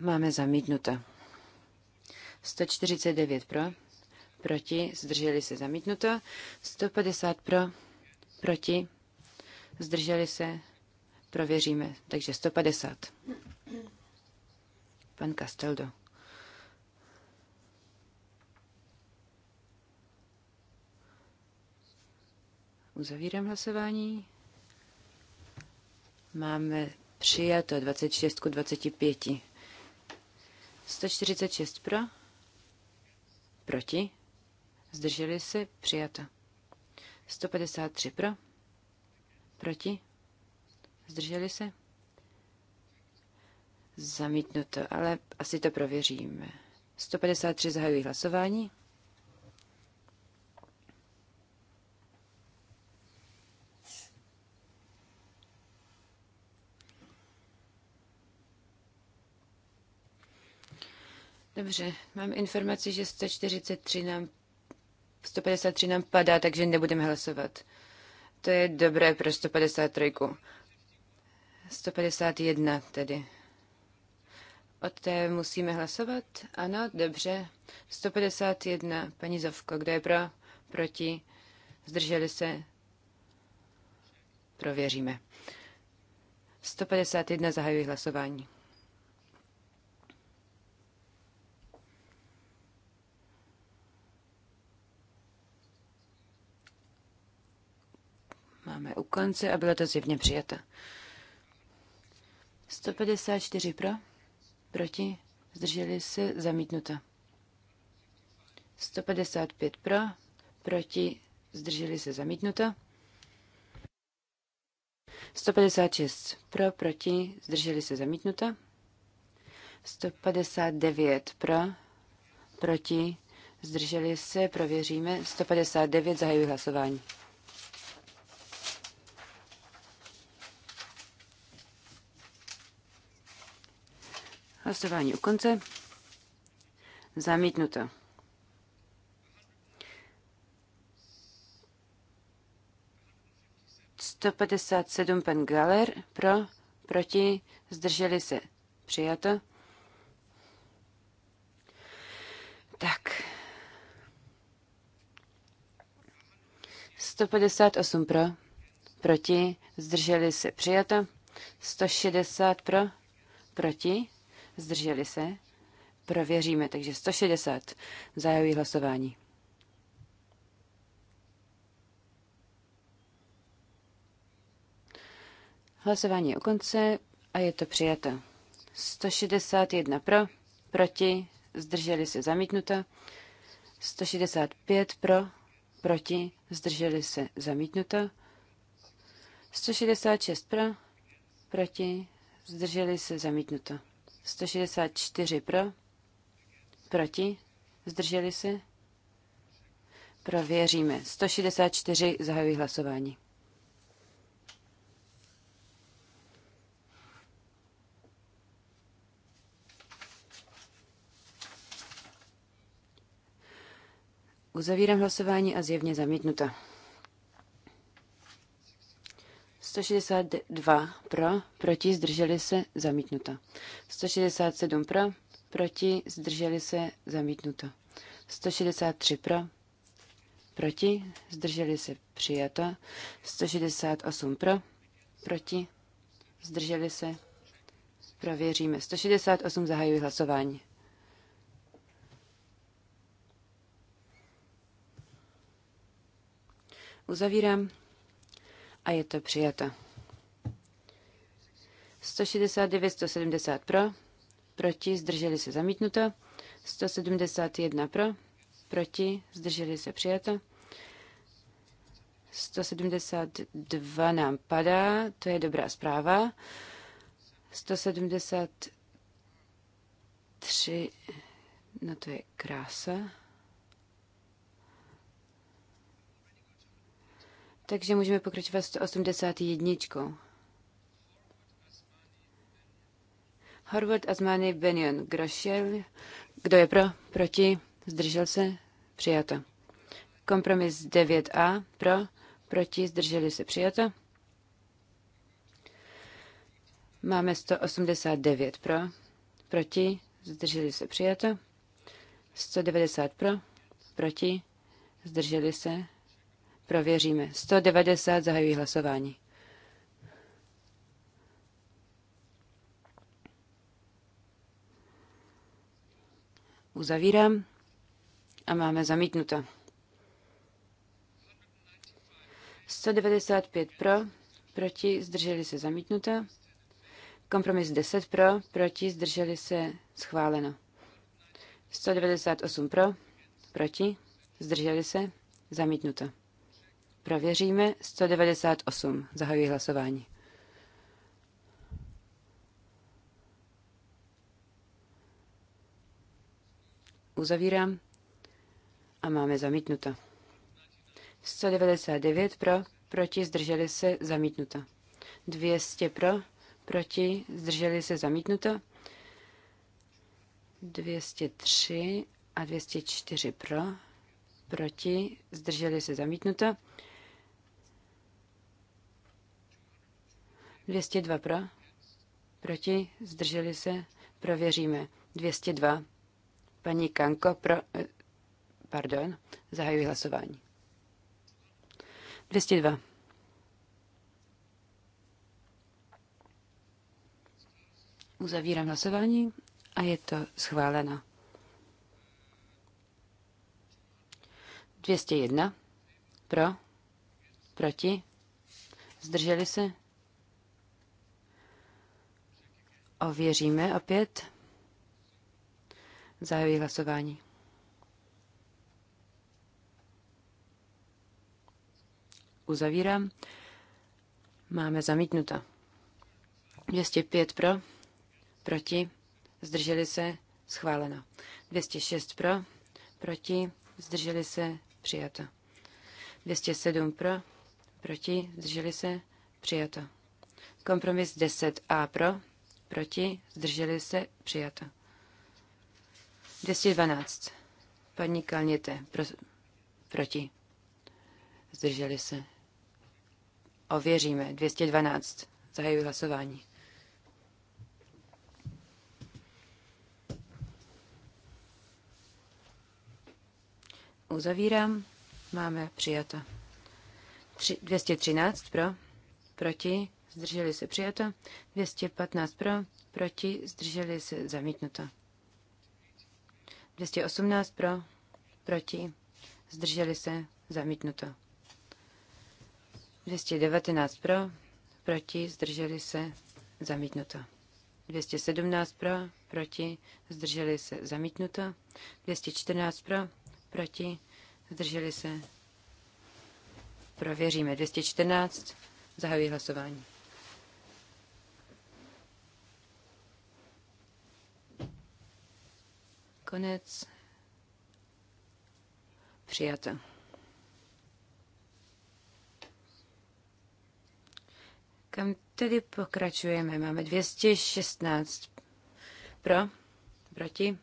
Máme zamítnuto. 149 pro, proti, zdrželi se zamítnuto. 150 pro, proti, zdrželi se, prověříme. Takže 150. Pan Casteldo. Uzavírám hlasování. Máme přijato 26 ku 25. 146 pro. Proti. Zdrželi se. Přijato. 153 pro. Proti. Zdrželi se. Zamítnuto, ale asi to prověříme. 153 zahajují hlasování. Dobře, mám informaci, že 143 nám, 153 nám padá, takže nebudeme hlasovat. To je dobré pro 153. 151 tedy. O té musíme hlasovat? Ano, dobře. 151. Paní Zovko, kdo je pro? Proti? Zdrželi se? Prověříme. 151. Zahajuji hlasování. Máme u konce a bylo to zjevně přijato. 154 pro proti, zdrželi se, zamítnuta. 155 pro, proti, zdrželi se, zamítnuta. 156 pro, proti, zdrželi se, zamítnuta. 159 pro, proti, zdrželi se, prověříme. 159 zahajuji hlasování. Hlasování u konce. Zamítnuto. Sto padesát sedm pan Galer pro, proti, zdrželi se. Přijato. Tak. 158 pro, proti, zdrželi se. Přijato. 160 pro, proti, zdrželi se, prověříme, takže 160, zahajuji hlasování. Hlasování je u konce a je to přijato. 161 pro, proti, zdrželi se zamítnuta. 165 pro, proti, zdrželi se zamítnuta. 166 pro, proti, zdrželi se zamítnuta. 164 pro, proti, zdrželi se. Prověříme. 164 zahajují hlasování. Uzavírám hlasování a zjevně zamítnuta. 162 pro, proti, zdrželi se, zamítnuto. 167 pro, proti, zdrželi se, zamítnuto. 163 pro, proti, zdrželi se, přijato. 168 pro, proti, zdrželi se, prověříme. 168 zahajuji hlasování. Uzavírám a je to přijato. 169, 170 pro, proti, zdrželi se zamítnuto, 171 pro, proti, zdrželi se přijato, 172 nám padá, to je dobrá zpráva, 173, no to je krása, Takže můžeme pokračovat 181. Horvat Azmany Benion Grošel. Kdo je pro? Proti? Zdržel se? Přijato. Kompromis 9a. Pro? Proti? Zdrželi se? Přijato. Máme 189 pro. Proti? Zdrželi se? Přijato. 190 pro. Proti? Zdrželi se? Prověříme. 190 zahajují hlasování. Uzavírám a máme zamítnuto. 195 pro, proti, zdrželi se zamítnuto. Kompromis 10 pro, proti, zdrželi se schváleno. 198 pro, proti, zdrželi se zamítnuto. Prověříme 198. Zahajuji hlasování. Uzavírám a máme zamítnuta. 199 pro, proti, zdrželi se, zamítnuta. 200 pro, proti, zdrželi se, zamítnuta. 203 a 204 pro, proti, zdrželi se, zamítnuta. 202 pro, proti, zdrželi se, prověříme. 202. Paní Kanko, pro, eh, pardon, zahajuji hlasování. 202. Uzavírám hlasování a je to schváleno. 201. Pro. Proti. Zdrželi se. Ověříme opět. Zahajuji hlasování. Uzavírám. Máme zamítnuto. 205 pro, proti, zdrželi se, schváleno. 206 pro, proti, zdrželi se, přijato. 207 pro, proti, zdrželi se, přijato. Kompromis 10a pro, proti, zdrželi se, přijato. 212. Paní Kalněte, pro, proti, zdrželi se. Ověříme. 212. Zahajuji hlasování. Uzavírám. Máme přijata. 213 pro, proti, zdrželi se přijato, 215 pro, proti, zdrželi se zamítnuto. 218 pro, proti, zdrželi se zamítnuto. 219 pro, proti, zdrželi se zamítnuto. 217 pro, proti, zdrželi se zamítnuto. 214 pro, proti, zdrželi se. Prověříme 214, zahajuji hlasování. Konec. Přijata. Kam tedy pokračujeme? Máme 216. Pro? Proti?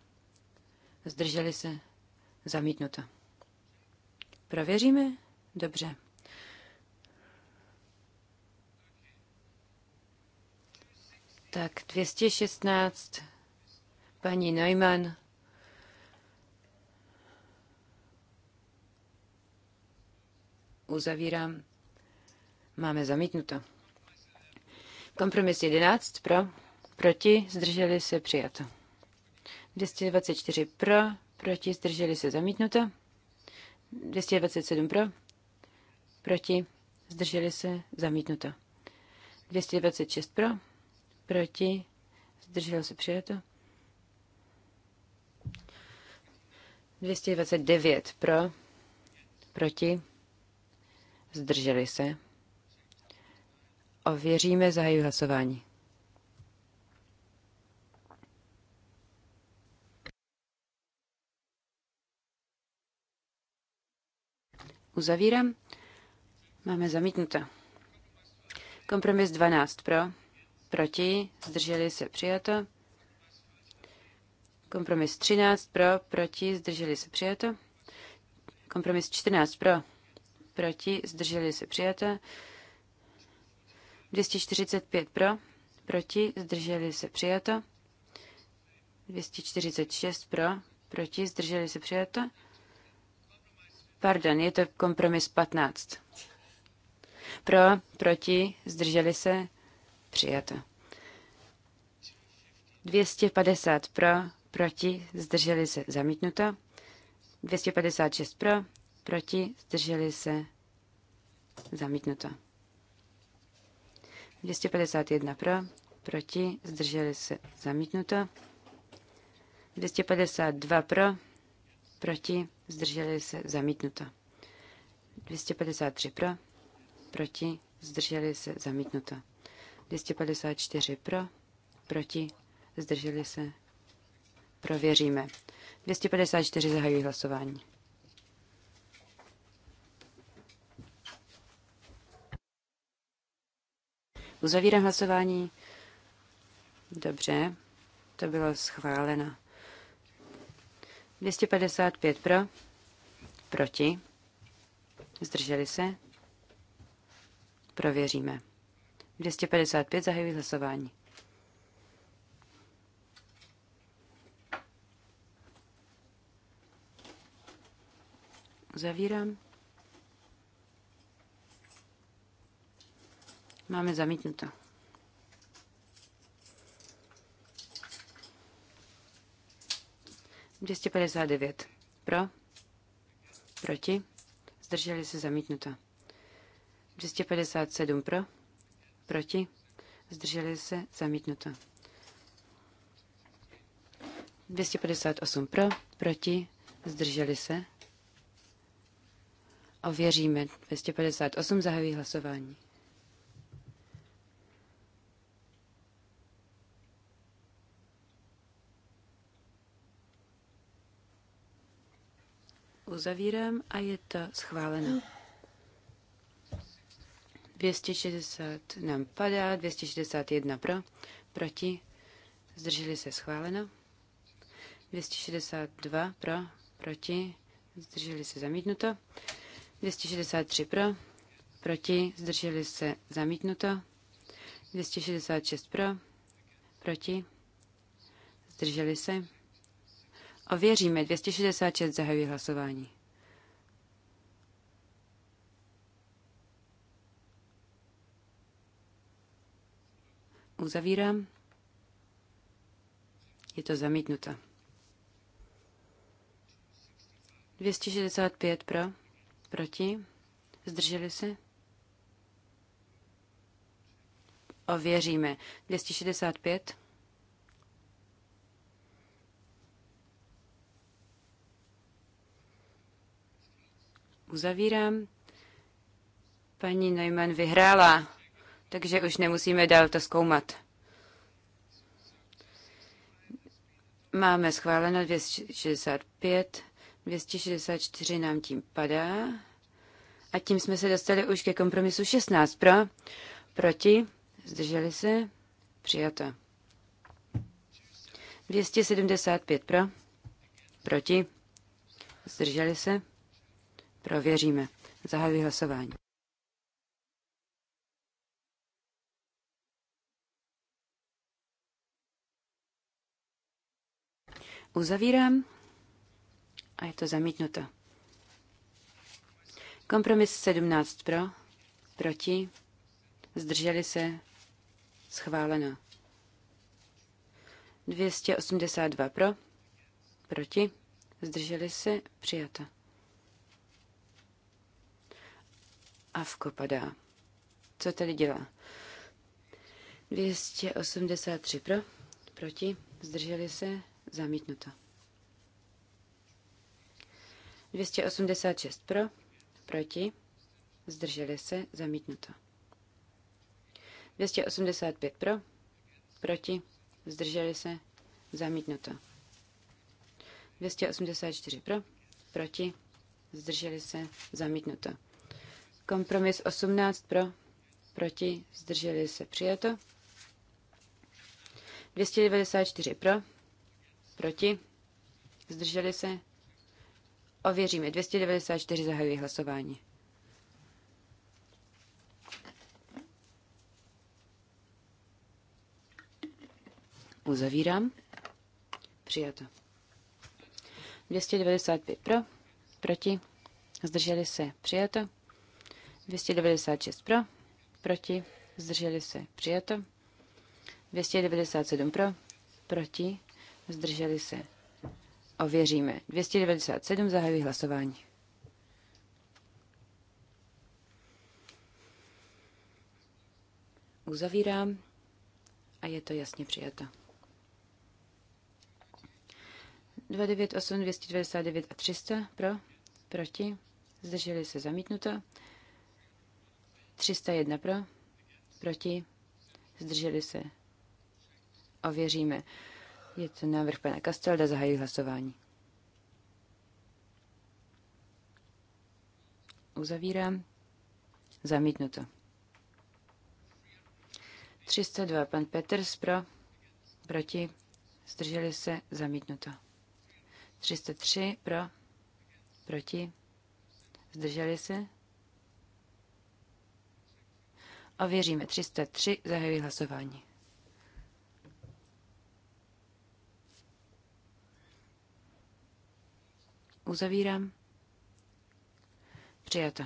Zdrželi se? Zamítnuto. Prověříme? Dobře. Tak 216, paní Neumann, Uzavírám. Máme zamítnuto. Kompromis 11 pro, proti, zdrželi se přijato. 224 pro, proti, zdrželi se zamítnuto. 227 pro, proti, zdrželi se zamítnuto. 226 pro, proti, zdrželo se přijato. 229 pro, proti, zdrželi se. Ověříme, zahajuji hlasování. Uzavírám. Máme zamítnuto. Kompromis 12 pro, proti, zdrželi se přijato. Kompromis 13 pro, proti, zdrželi se přijato. Kompromis 14 pro, proti, zdrželi se přijato. 245 pro, proti, zdrželi se přijato. 246 pro, proti, zdrželi se přijato. Pardon, je to kompromis 15. Pro, proti, zdrželi se přijato. 250 pro, proti, zdrželi se zamítnuto. 256 pro, proti, zdrželi se, zamítnuto. 251 pro, proti, zdrželi se, zamítnuto. 252 pro, proti, zdrželi se, zamítnuto. 253 pro, proti, zdrželi se, zamítnuto. 254 pro, proti, zdrželi se, prověříme. 254 zahajují hlasování. Uzavírám hlasování. Dobře, to bylo schváleno. 255 pro, proti, zdrželi se, prověříme. 255 zahajují hlasování. Zavírám. Máme zamítnuto. Dvěstě padesát devět. Pro? Proti? Zdrželi se zamítnuto. 257 pro? Proti? Zdrželi se zamítnuto. 258 pro, proti, zdrželi se. Ověříme. 258 zahajují hlasování. uzavírám a je to schváleno. 260 nám padá, 261 pro, proti, zdrželi se schváleno. 262 pro, proti, zdrželi se zamítnuto. 263 pro, proti, zdrželi se zamítnuto. 266 pro, proti, zdrželi se. A věříme, 266 zahajuje hlasování. Uzavírám. Je to zamítnuta. 265 pro, proti, zdrželi se. Ověříme. 265. uzavírám. Paní Neumann vyhrála, takže už nemusíme dál to zkoumat. Máme schváleno 265, 264 nám tím padá. A tím jsme se dostali už ke kompromisu 16 pro, proti, zdrželi se, přijato. 275 pro, proti, zdrželi se, Prověříme. Zahajuji hlasování. Uzavírám a je to zamítnuto. Kompromis 17 pro, proti, zdrželi se, schváleno. 282 pro, proti, zdrželi se, přijato. Avko padá. Co tady dělá? 283 pro, proti, zdrželi se, zamítnuto. 286 pro, proti, zdrželi se, zamítnuto. 285 pro, proti, zdrželi se, zamítnuto. 284 pro, proti, zdrželi se, zamítnuto. Kompromis 18 pro, proti, zdrželi se přijato. 294 pro, proti, zdrželi se. Ověříme, 294 zahajují hlasování. Uzavírám. Přijato. 295 pro, proti, zdrželi se. Přijato. 296 pro, proti, zdrželi se, přijato. 297 pro, proti, zdrželi se. Ověříme. 297 zahajují hlasování. Uzavírám a je to jasně přijato. 298, 299 a 300 pro, proti, zdrželi se zamítnuto. 301 pro, proti, zdrželi se. Ověříme. Je to návrh pana Kastelda, zahají hlasování. Uzavírám. Zamítnuto. 302 pan Peters pro, proti, zdrželi se, zamítnuto. 303 pro, proti, zdrželi se, a věříme 303, zahajuji hlasování. Uzavírám. Přijato.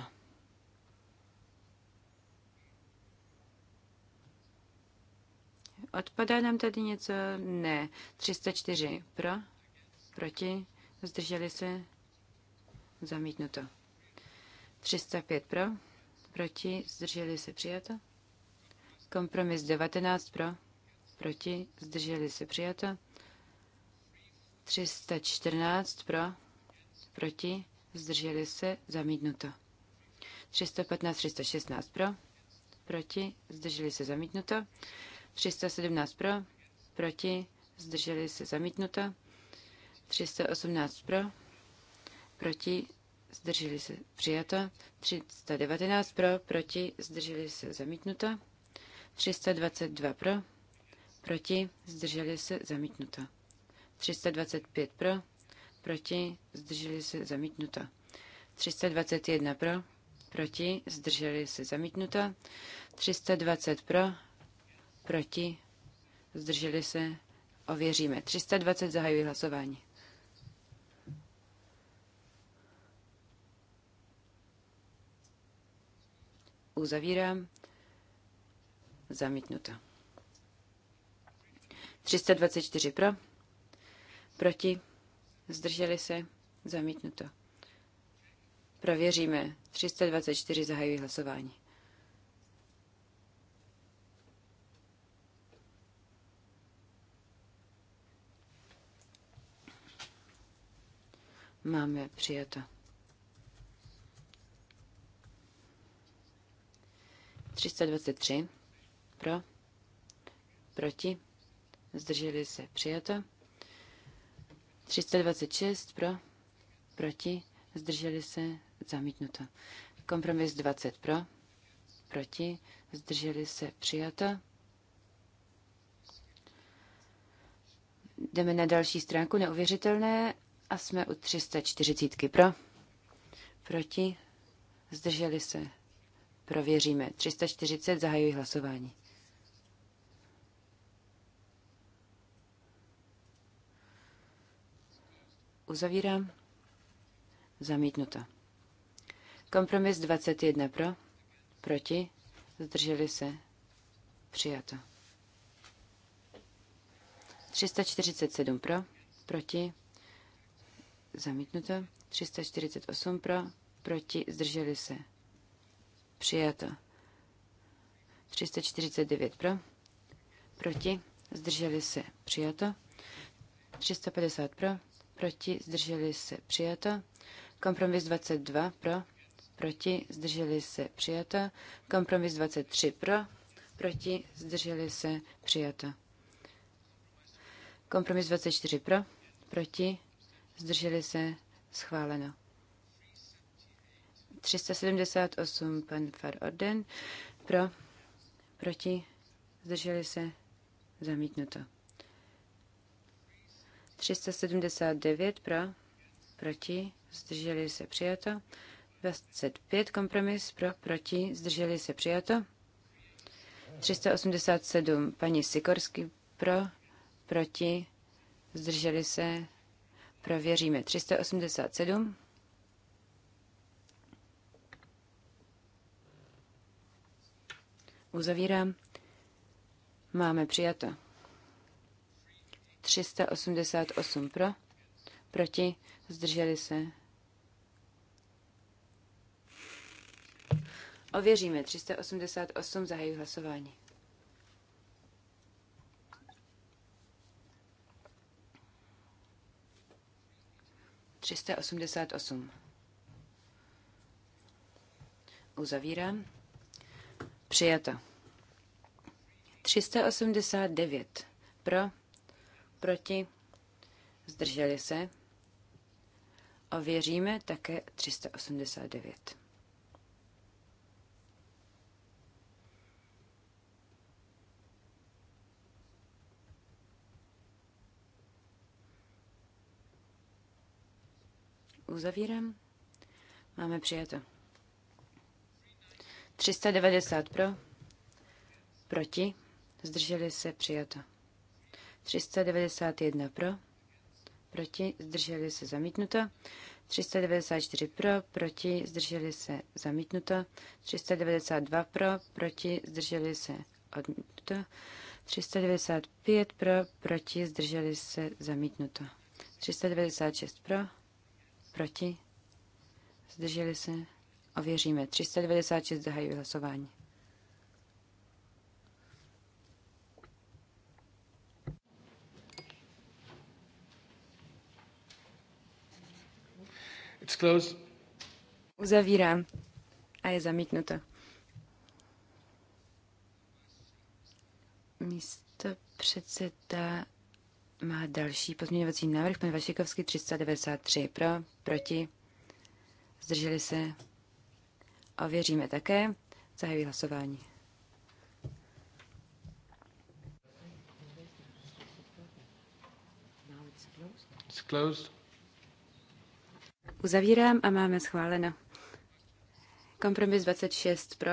Odpadá nám tady něco? Ne. 304 pro, proti, zdrželi se, zamítnuto. 305 pro, proti, zdrželi se přijato. Kompromis 19 pro, proti, zdrželi se přijato. 314 pro, proti, zdrželi se zamítnuto. 315, 316 pro, proti, zdrželi se zamítnuto. 317 pro, proti, zdrželi se zamítnuto. 318 pro, proti, zdrželi se přijata 319 pro, proti, zdrželi se zamítnuta, 322 pro, proti, zdrželi se zamítnuta, 325 pro, proti, zdrželi se zamítnuta, 321 pro, proti, zdrželi se zamítnuta, 320 pro, proti, zdrželi se, ověříme. 320 zahajuji hlasování. Uzavírám. Zamítnuto. 324 pro. Proti. Zdrželi se. Zamítnuto. Prověříme. 324 zahajují hlasování. Máme přijato. 323 pro, proti, zdrželi se, přijato. 326 pro, proti, zdrželi se, zamítnuto. Kompromis 20 pro, proti, zdrželi se, přijato. Jdeme na další stránku neuvěřitelné a jsme u 340 pro, proti, zdrželi se, Prověříme. 340 zahajuji hlasování. Uzavírám. Zamítnuto. Kompromis 21 pro, proti, zdrželi se, přijato. 347 pro, proti, zamítnuto. 348 pro, proti, zdrželi se, Přijato. 349 pro. Proti. Zdrželi se. Přijato. 350 pro. Proti. Zdrželi se. Přijato. Kompromis 22 pro. Proti. Zdrželi se. Přijato. Kompromis 23 pro. Proti. Zdrželi se. Přijato. Kompromis 24 pro. Proti. Zdrželi se. Schváleno. 378 pan Orden pro, proti, zdrželi se, zamítnuto. 379 pro, proti, zdrželi se, přijato. 25 kompromis pro, proti, zdrželi se, přijato. 387 paní Sikorsky pro, proti, zdrželi se, prověříme. 387 Uzavírám. Máme přijato. 388 pro, proti, zdrželi se. Ověříme 388, zahají hlasování. Třista osmdesát osm. Uzavírám. Přijato. 389 pro, proti, zdrželi se. Ověříme také 389. Uzavírám. Máme přijato. 390 pro, proti, zdrželi se přijato. 391 pro, proti, zdrželi se zamítnuto. 394 pro, proti, zdrželi se zamítnuto. 392 pro, proti, zdrželi se odmítnuto. 395 pro, proti, zdrželi se zamítnuto. 396 pro, proti, zdrželi se Ověříme. 396 zahajuji hlasování. It's closed. Uzavírám a je zamítnuto. Místo předseda má další pozměňovací návrh, pan Vašikovský 393. Pro, proti, zdrželi se, a věříme také. Zahajuji hlasování. Uzavírám a máme schváleno. Kompromis 26 pro,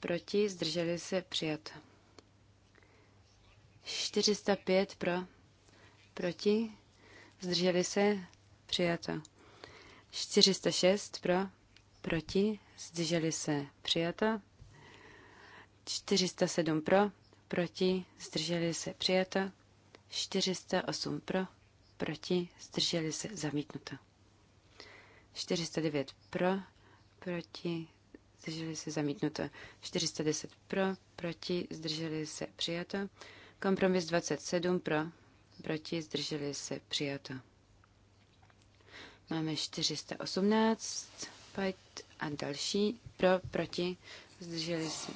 proti, zdrželi se, přijat. 405 pro, proti, zdrželi se, přijato. 406 pro, proti, zdrželi se přijata. 407 pro, proti, zdrželi se přijata. 408 pro, proti, zdrželi se zamítnuto. 409 pro, proti, zdrželi se zamítnuto. 410 pro, proti, zdrželi se přijato. Kompromis 27 pro, proti, zdrželi se přijato. Máme 418 fight a další pro, proti, zdrželi se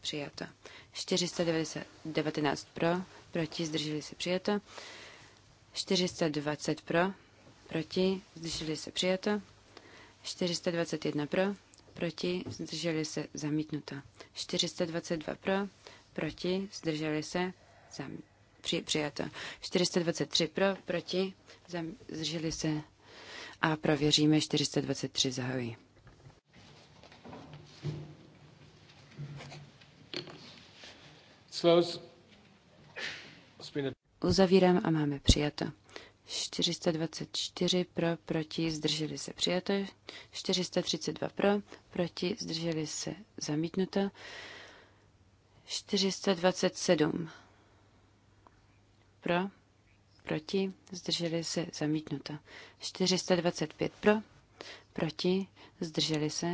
přijato. 419 pro, proti, zdrželi se přijato. 420 pro, proti, zdrželi se přijato. 421 pro, proti, zdrželi se zamítnuto. 422 pro, proti, zdrželi se zamítnuto. při, přijato. 423 pro, proti, zdrželi se a prověříme 423 zahajuji. Uzavírám a máme přijato. 424 pro, proti, zdrželi se přijato. 432 pro, proti, zdrželi se zamítnuto. 427 pro, proti, zdrželi se, zamítnuto. 425 pro, proti, zdrželi se,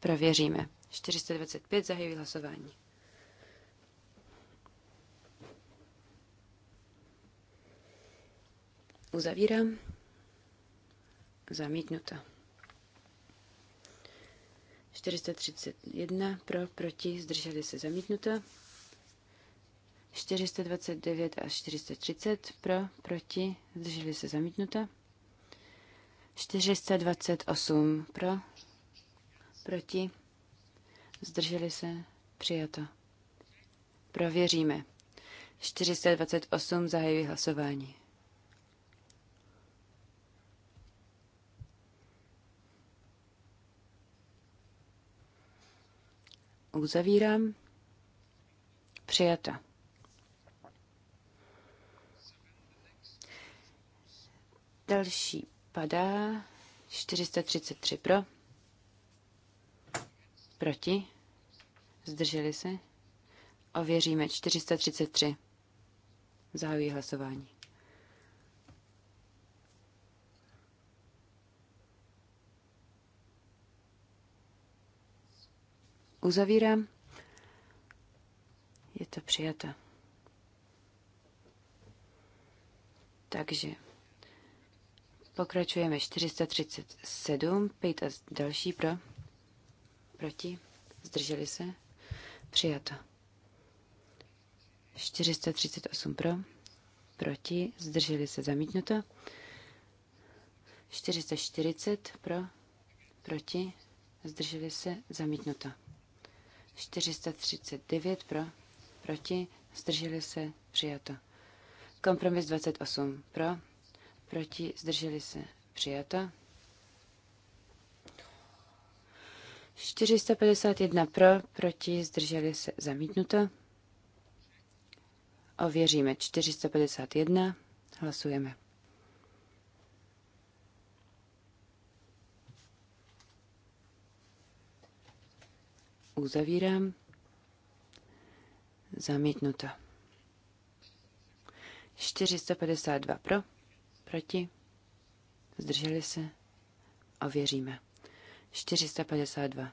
prověříme. 425 zahajují hlasování. Uzavírám. Zamítnuto. 431 pro, proti, zdrželi se, zamítnuto. 429 a 430 pro, proti, zdrželi se zamítnuta. 428 pro, proti, zdrželi se přijato. Prověříme. 428 zahajuji hlasování. Uzavírám. Přijata. Další padá. 433 pro. Proti. Zdrželi se. Ověříme 433. Zahajuji hlasování. Uzavírám. Je to přijata. Takže Pokračujeme 437, 5 a další pro, proti, zdrželi se, přijato. 438 pro, proti, zdrželi se, zamítnuto. 440 pro, proti, zdrželi se, zamítnuto. 439 pro, proti, zdrželi se, přijato. Kompromis 28 pro, proti, zdrželi se, přijata. 451 pro, proti, zdrželi se, zamítnuto. Ověříme 451, hlasujeme. Uzavírám. Zamítnuto. 452 pro proti, zdrželi se, A věříme. 452.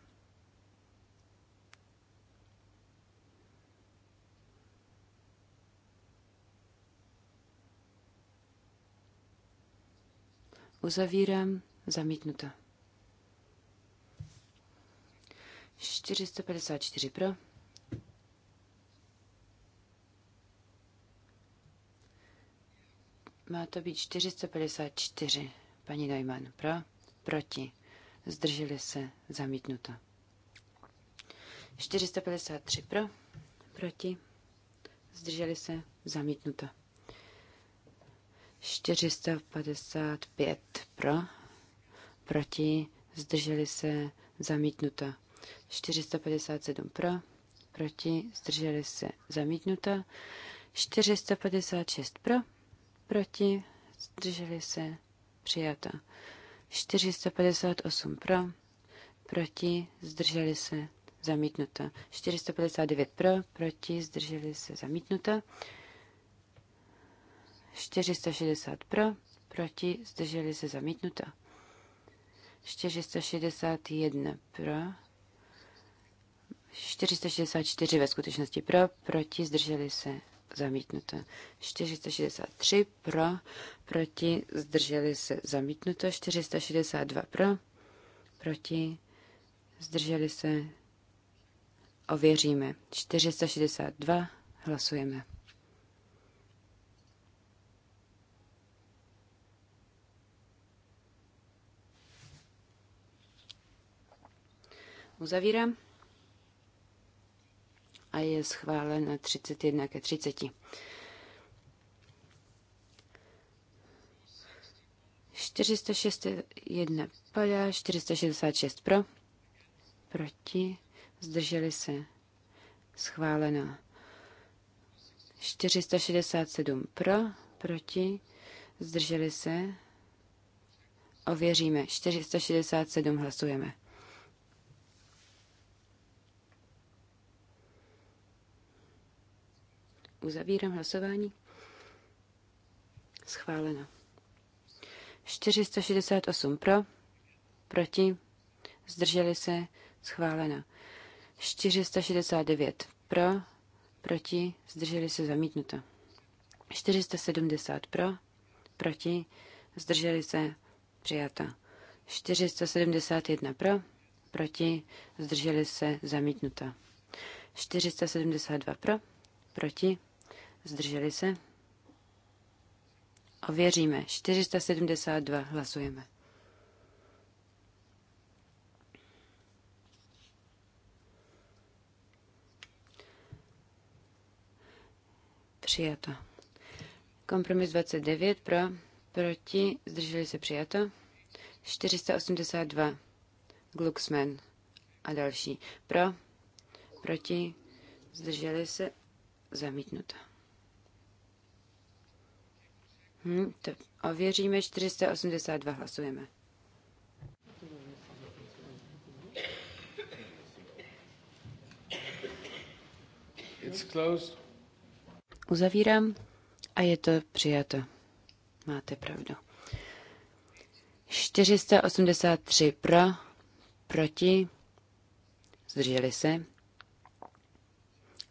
Uzavírám, zamítnuto. 454 pro. Má to být 454. Paní Neumann pro, proti, zdrželi se, zamítnuto. 453 pro, proti, zdrželi se, zamítnuto. 455 pro, proti, zdrželi se, zamítnuto. 457 pro, proti, zdrželi se, zamítnuto. 456 pro, proti, zdrželi se, přijata 458 pro, proti, zdrželi se, zamítnuta. 459 pro, proti, zdrželi se, zamítnuta. 460 pro, proti, zdrželi se, zamítnuta. 461 pro, 464 ve skutečnosti pro, proti, zdrželi se, zamítnuto. 463 pro, proti, zdrželi se, zamítnuto. 462 pro, proti, zdrželi se, ověříme. 462 hlasujeme. Uzavírám a je schválena 31 ke 30. 461 padá, 466 pro, proti, zdrželi se, schválena. 467 pro, proti, zdrželi se, ověříme. 467 hlasujeme. Uzavírám hlasování. Schváleno. 468 pro, proti, zdrželi se, schváleno. 469 pro, proti, zdrželi se, zamítnuto. 470 pro, proti, zdrželi se, přijata. 471 pro, proti, zdrželi se, zamítnuto. 472 pro, proti, Zdrželi se? Ověříme. 472. Hlasujeme. Přijato. Kompromis 29 pro, proti, zdrželi se přijato. 482. Glucksman a další. Pro, proti, zdrželi se zamítnuto. Hmm, to ověříme, 482 hlasujeme. It's closed. Uzavírám a je to přijato. Máte pravdu. 483 pro, proti, zdrželi se.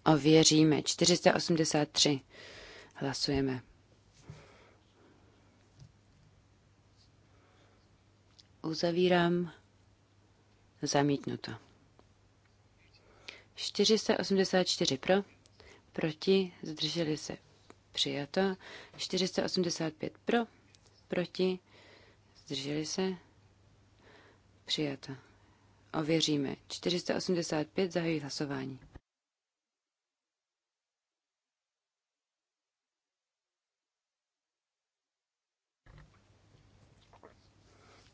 Ověříme. 483. Hlasujeme. Uzavírám. Zamítnuto. 484 pro, proti, zdrželi se, přijato. 485 pro, proti, zdrželi se, přijato. Ověříme. 485 zahají hlasování.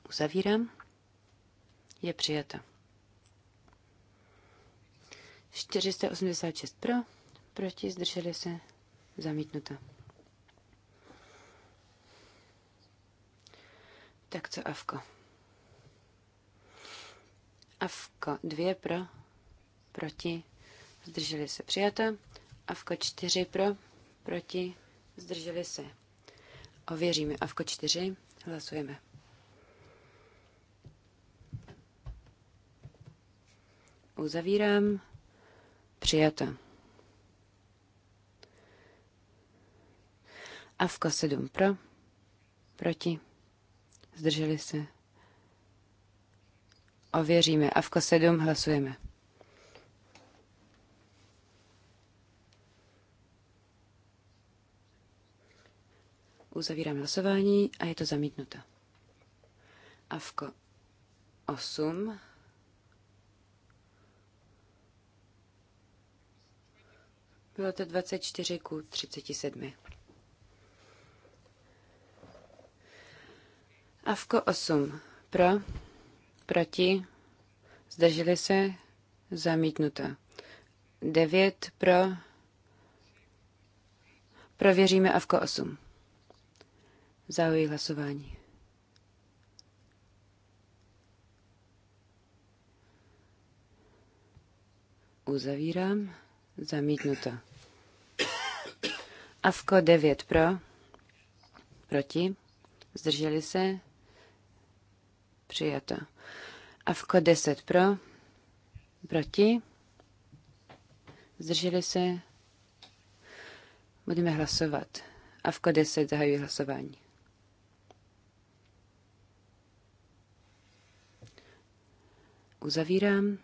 Uzavírám. Je přijata. 486 pro, proti, zdrželi se, zamítnuta. Tak co Avko? Avko 2 pro, proti, zdrželi se, přijata. Avko 4 pro, proti, zdrželi se. Ověříme Avko 4, hlasujeme. Uzavírám. Přijata. Avka 7 pro. Proti. Zdrželi se. Ověříme. Avka 7 hlasujeme. Uzavírám hlasování a je to zamítnuto. Avko 8 Bylo to 24 ku 37. Avko 8. Pro, proti, zdrželi se, zamítnuto. 9 pro, prověříme Avko 8. Zahojí hlasování. Uzavírám. Zamítnuto. Avko 9 pro, proti, zdrželi se, přijato. Avko 10 pro, proti, zdrželi se, budeme hlasovat. Avko 10 zahajuje hlasování. Uzavírám.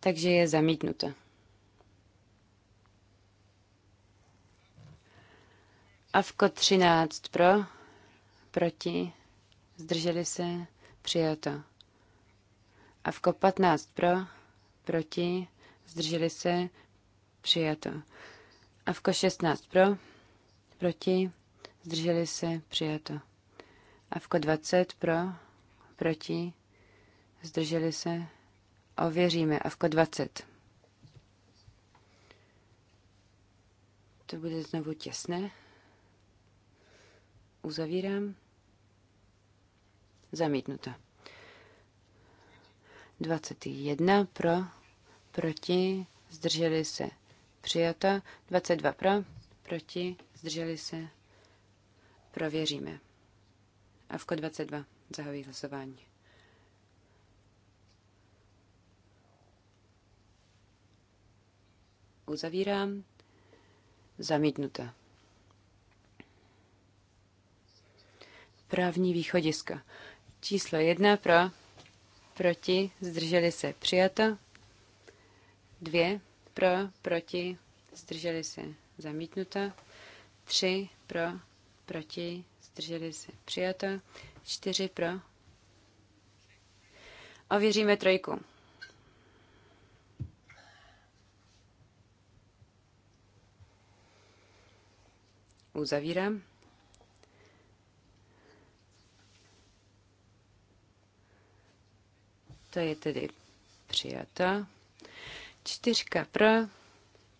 Takže je zamítnuto. Avko 13 pro, proti, zdrželi se, přijato. Avko 15 pro, proti, zdrželi se, přijato. Avko 16 pro, proti, zdrželi se, přijato. Avko 20 pro, proti, zdrželi se, ověříme. Avko 20. To bude znovu těsné. Uzavírám. Zamítnuto. 21 pro, proti, zdrželi se. Přijata. 22 pro, proti, zdrželi se. Prověříme. Avko 22. zahoví hlasování. Uzavírám. Zamítnuta. právní východiska. Číslo jedna pro, proti, zdrželi se, přijato. Dvě pro, proti, zdrželi se, zamítnuta. Tři pro, proti, zdrželi se, přijato. Čtyři pro. Ověříme trojku. Uzavírám. To je tedy přijata. Čtyřka pro,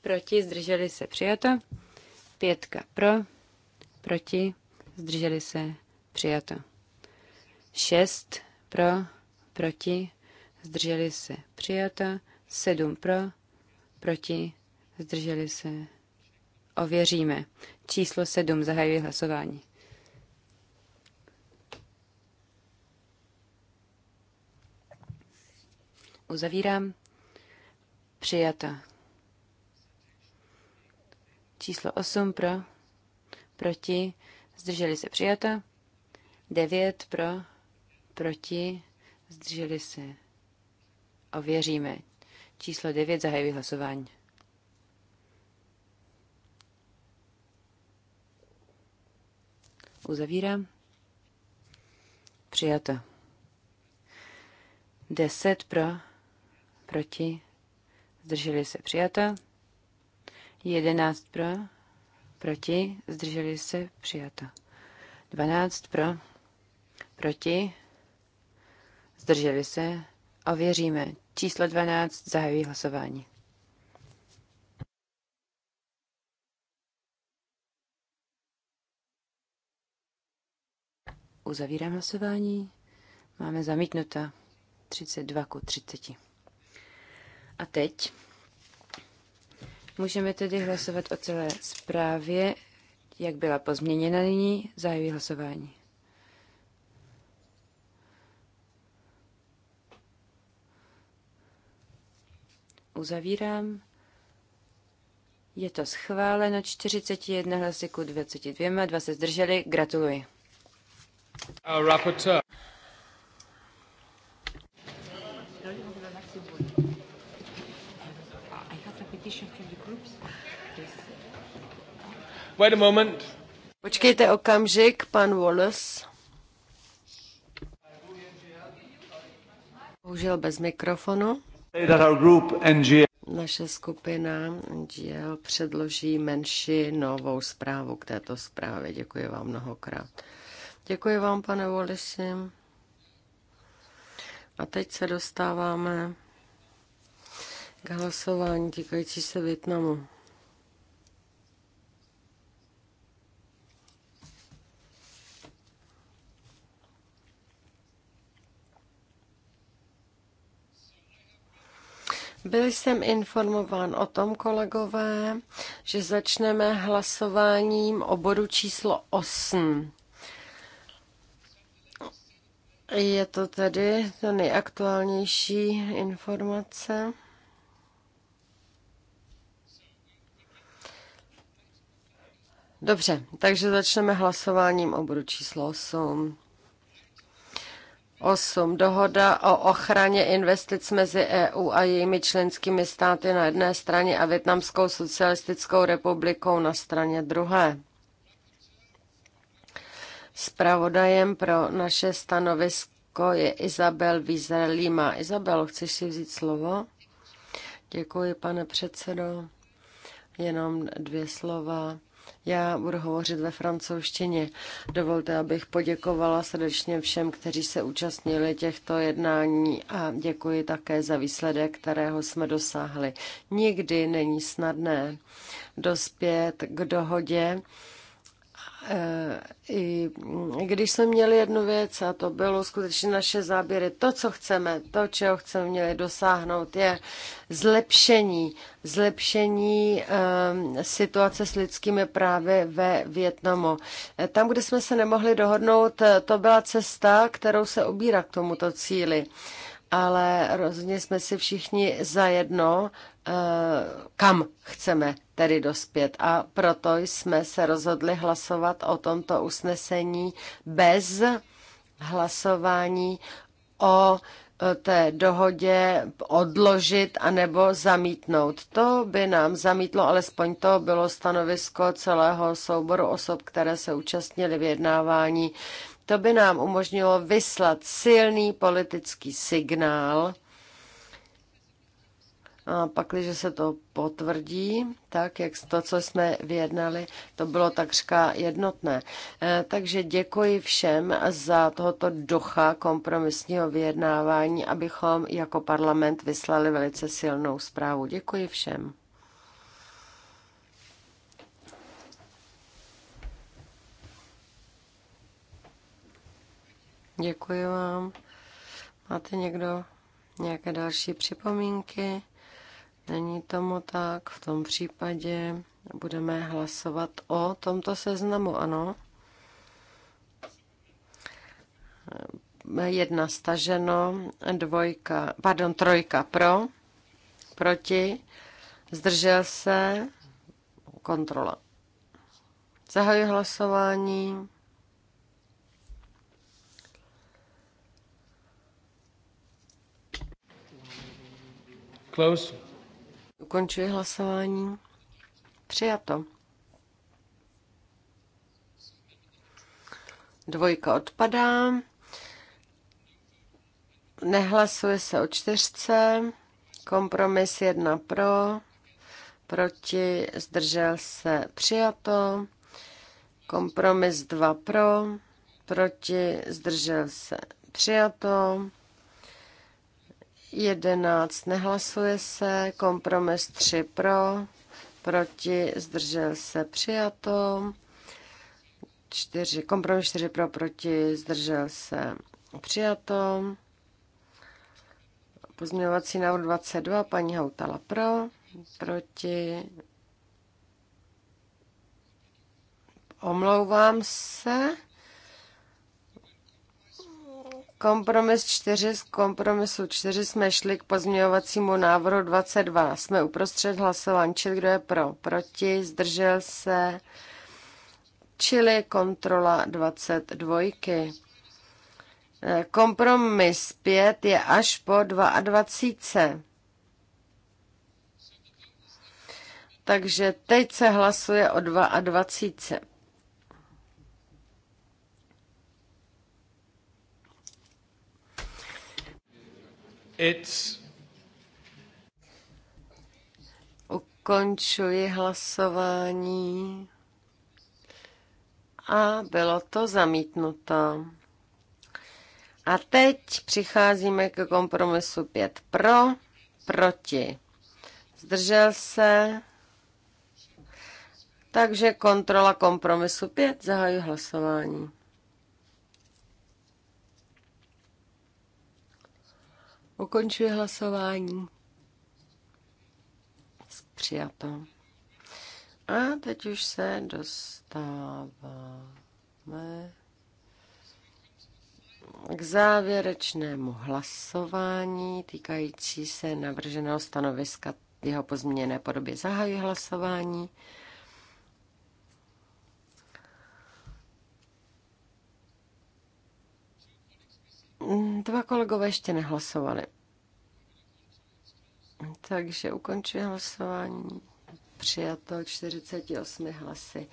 proti, zdrželi se přijata. Pětka pro, proti, zdrželi se přijata. Šest pro, proti, zdrželi se přijata. Sedm pro, proti, zdrželi se. Ověříme. Číslo sedm zahajuje hlasování. Uzavírám. Přijata. Číslo 8 pro, proti, zdrželi se přijata. 9 pro, proti, zdrželi se. Ověříme. Číslo 9 zahajuji hlasování. Uzavírám. Přijata. 10 pro, proti, zdrželi se přijata. 11 pro, proti, zdrželi se přijata. 12 pro, proti, zdrželi se, ověříme. Číslo 12 zahajují hlasování. Uzavírám hlasování. Máme zamítnuta 32 ku 30. A teď můžeme tedy hlasovat o celé zprávě, jak byla pozměněna nyní, zahajuji hlasování. Uzavírám. Je to schváleno 41 hlasy ku 22, dva se zdrželi. Gratuluji. Wait a moment. Počkejte okamžik, pan Wallace. Bohužel bez mikrofonu. Naše skupina NGL předloží menší novou zprávu k této zprávě. Děkuji vám mnohokrát. Děkuji vám, pane Wallace. A teď se dostáváme k hlasování týkající se Větnamu. Byl jsem informován o tom, kolegové, že začneme hlasováním o bodu číslo 8. Je to tedy ta nejaktuálnější informace. Dobře, takže začneme hlasováním o bodu číslo 8. 8. Dohoda o ochraně investic mezi EU a jejími členskými státy na jedné straně a Větnamskou socialistickou republikou na straně druhé. Spravodajem pro naše stanovisko je Izabel Vizelima. Izabel, chceš si vzít slovo? Děkuji, pane předsedo. Jenom dvě slova já budu hovořit ve francouzštině. Dovolte, abych poděkovala srdečně všem, kteří se účastnili těchto jednání a děkuji také za výsledek, kterého jsme dosáhli. Nikdy není snadné dospět k dohodě když jsme měli jednu věc, a to bylo skutečně naše záběry, to, co chceme, to, čeho chceme měli dosáhnout, je zlepšení, zlepšení ehm, situace s lidskými právy ve Větnamu. Tam, kde jsme se nemohli dohodnout, to byla cesta, kterou se obírá k tomuto cíli ale rozhodně jsme si všichni zajedno, eh, kam chceme tedy dospět. A proto jsme se rozhodli hlasovat o tomto usnesení bez hlasování o eh, té dohodě odložit anebo zamítnout. To by nám zamítlo, alespoň to bylo stanovisko celého souboru osob, které se účastnili vyjednávání to by nám umožnilo vyslat silný politický signál. A pak, když se to potvrdí, tak jak to, co jsme vyjednali, to bylo takřka jednotné. E, takže děkuji všem za tohoto ducha kompromisního vyjednávání, abychom jako parlament vyslali velice silnou zprávu. Děkuji všem. Děkuji vám. Máte někdo nějaké další připomínky? Není tomu tak. V tom případě budeme hlasovat o tomto seznamu, ano? Jedna staženo, dvojka, pardon, trojka pro, proti, zdržel se, kontrola. Zahajuji hlasování. Close. Ukončuji hlasování. Přijato. Dvojka odpadá. Nehlasuje se o čtyřce. Kompromis jedna pro. Proti zdržel se přijato. Kompromis dva pro. Proti zdržel se přijato. 11 nehlasuje se, kompromis 3 pro, proti, zdržel se přijato, 4, kompromis 4 pro, proti, zdržel se přijato, pozměňovací návrh 22, paní Hautala pro, proti, omlouvám se, Kompromis 4 z kompromisu 4 jsme šli k pozměňovacímu návrhu 22. Jsme uprostřed hlasování. Čili kdo je pro? Proti? Zdržel se? Čili kontrola 22. Eh, kompromis 5 je až po 22. Takže teď se hlasuje o 22. It's... Ukončuji hlasování a bylo to zamítnuto. A teď přicházíme k kompromisu 5 pro, proti. Zdržel se. Takže kontrola kompromisu 5, zahajuji hlasování. Ukončuji hlasování. Přijato. A teď už se dostáváme k závěrečnému hlasování týkající se navrženého stanoviska jeho pozměněné podobě. Zahajuji hlasování. Dva kolegové ještě nehlasovali. Takže ukončuji hlasování. Přijato 48 hlasy,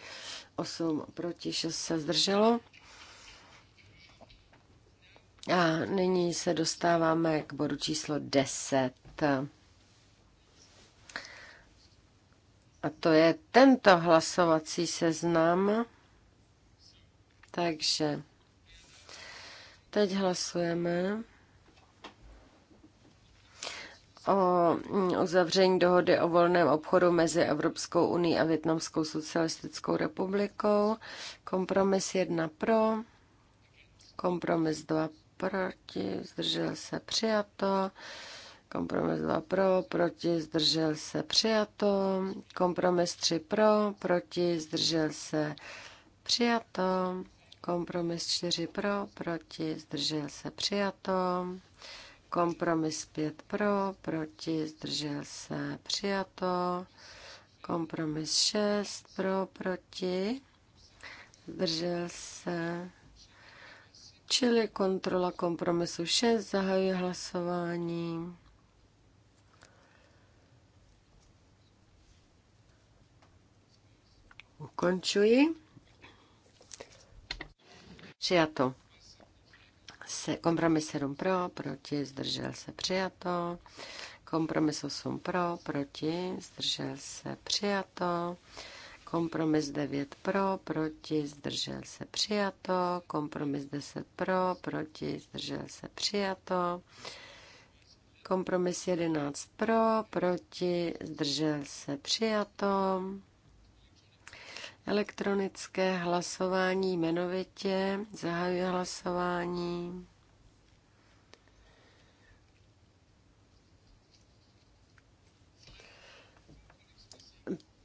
8 proti, 6 se zdrželo. A nyní se dostáváme k bodu číslo 10. A to je tento hlasovací seznam. Takže Teď hlasujeme o uzavření dohody o volném obchodu mezi Evropskou uní a Větnamskou socialistickou republikou. Kompromis 1 pro, kompromis 2 proti, zdržel se přijato, kompromis 2 pro, proti, zdržel se přijato, kompromis 3 pro, proti, zdržel se přijato, Kompromis 4 pro, proti, zdržel se přijato. Kompromis 5 pro, proti, zdržel se přijato. Kompromis 6 pro, proti, zdržel se. Čili kontrola kompromisu 6 zahajuje hlasování. Ukončuji. Přijato. Se, kompromis 7 pro, proti, zdržel se, přijato. Kompromis 8 pro, proti, zdržel se, přijato. Kompromis 9 pro, proti, zdržel se, přijato. Kompromis 10 pro, proti, zdržel se, přijato. Kompromis 11 pro, proti, zdržel se, přijato. Elektronické hlasování jmenovitě. Zahajuji hlasování.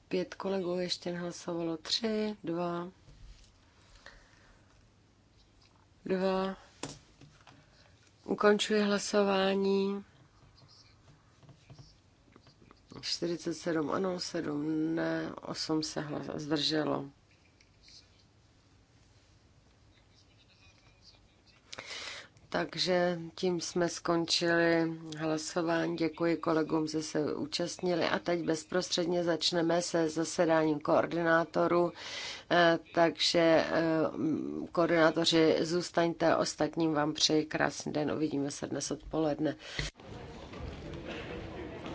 Pět kolegů ještě hlasovalo. Tři, dva, dva. Ukončuji hlasování. 47 ano, 7 ne, 8 se hlas zdrželo. Takže tím jsme skončili hlasování. Děkuji kolegům, že se účastnili a teď bezprostředně začneme se zasedáním koordinátorů. Eh, takže eh, koordinátoři, zůstaňte, ostatním vám přeji krásný den, uvidíme se dnes odpoledne.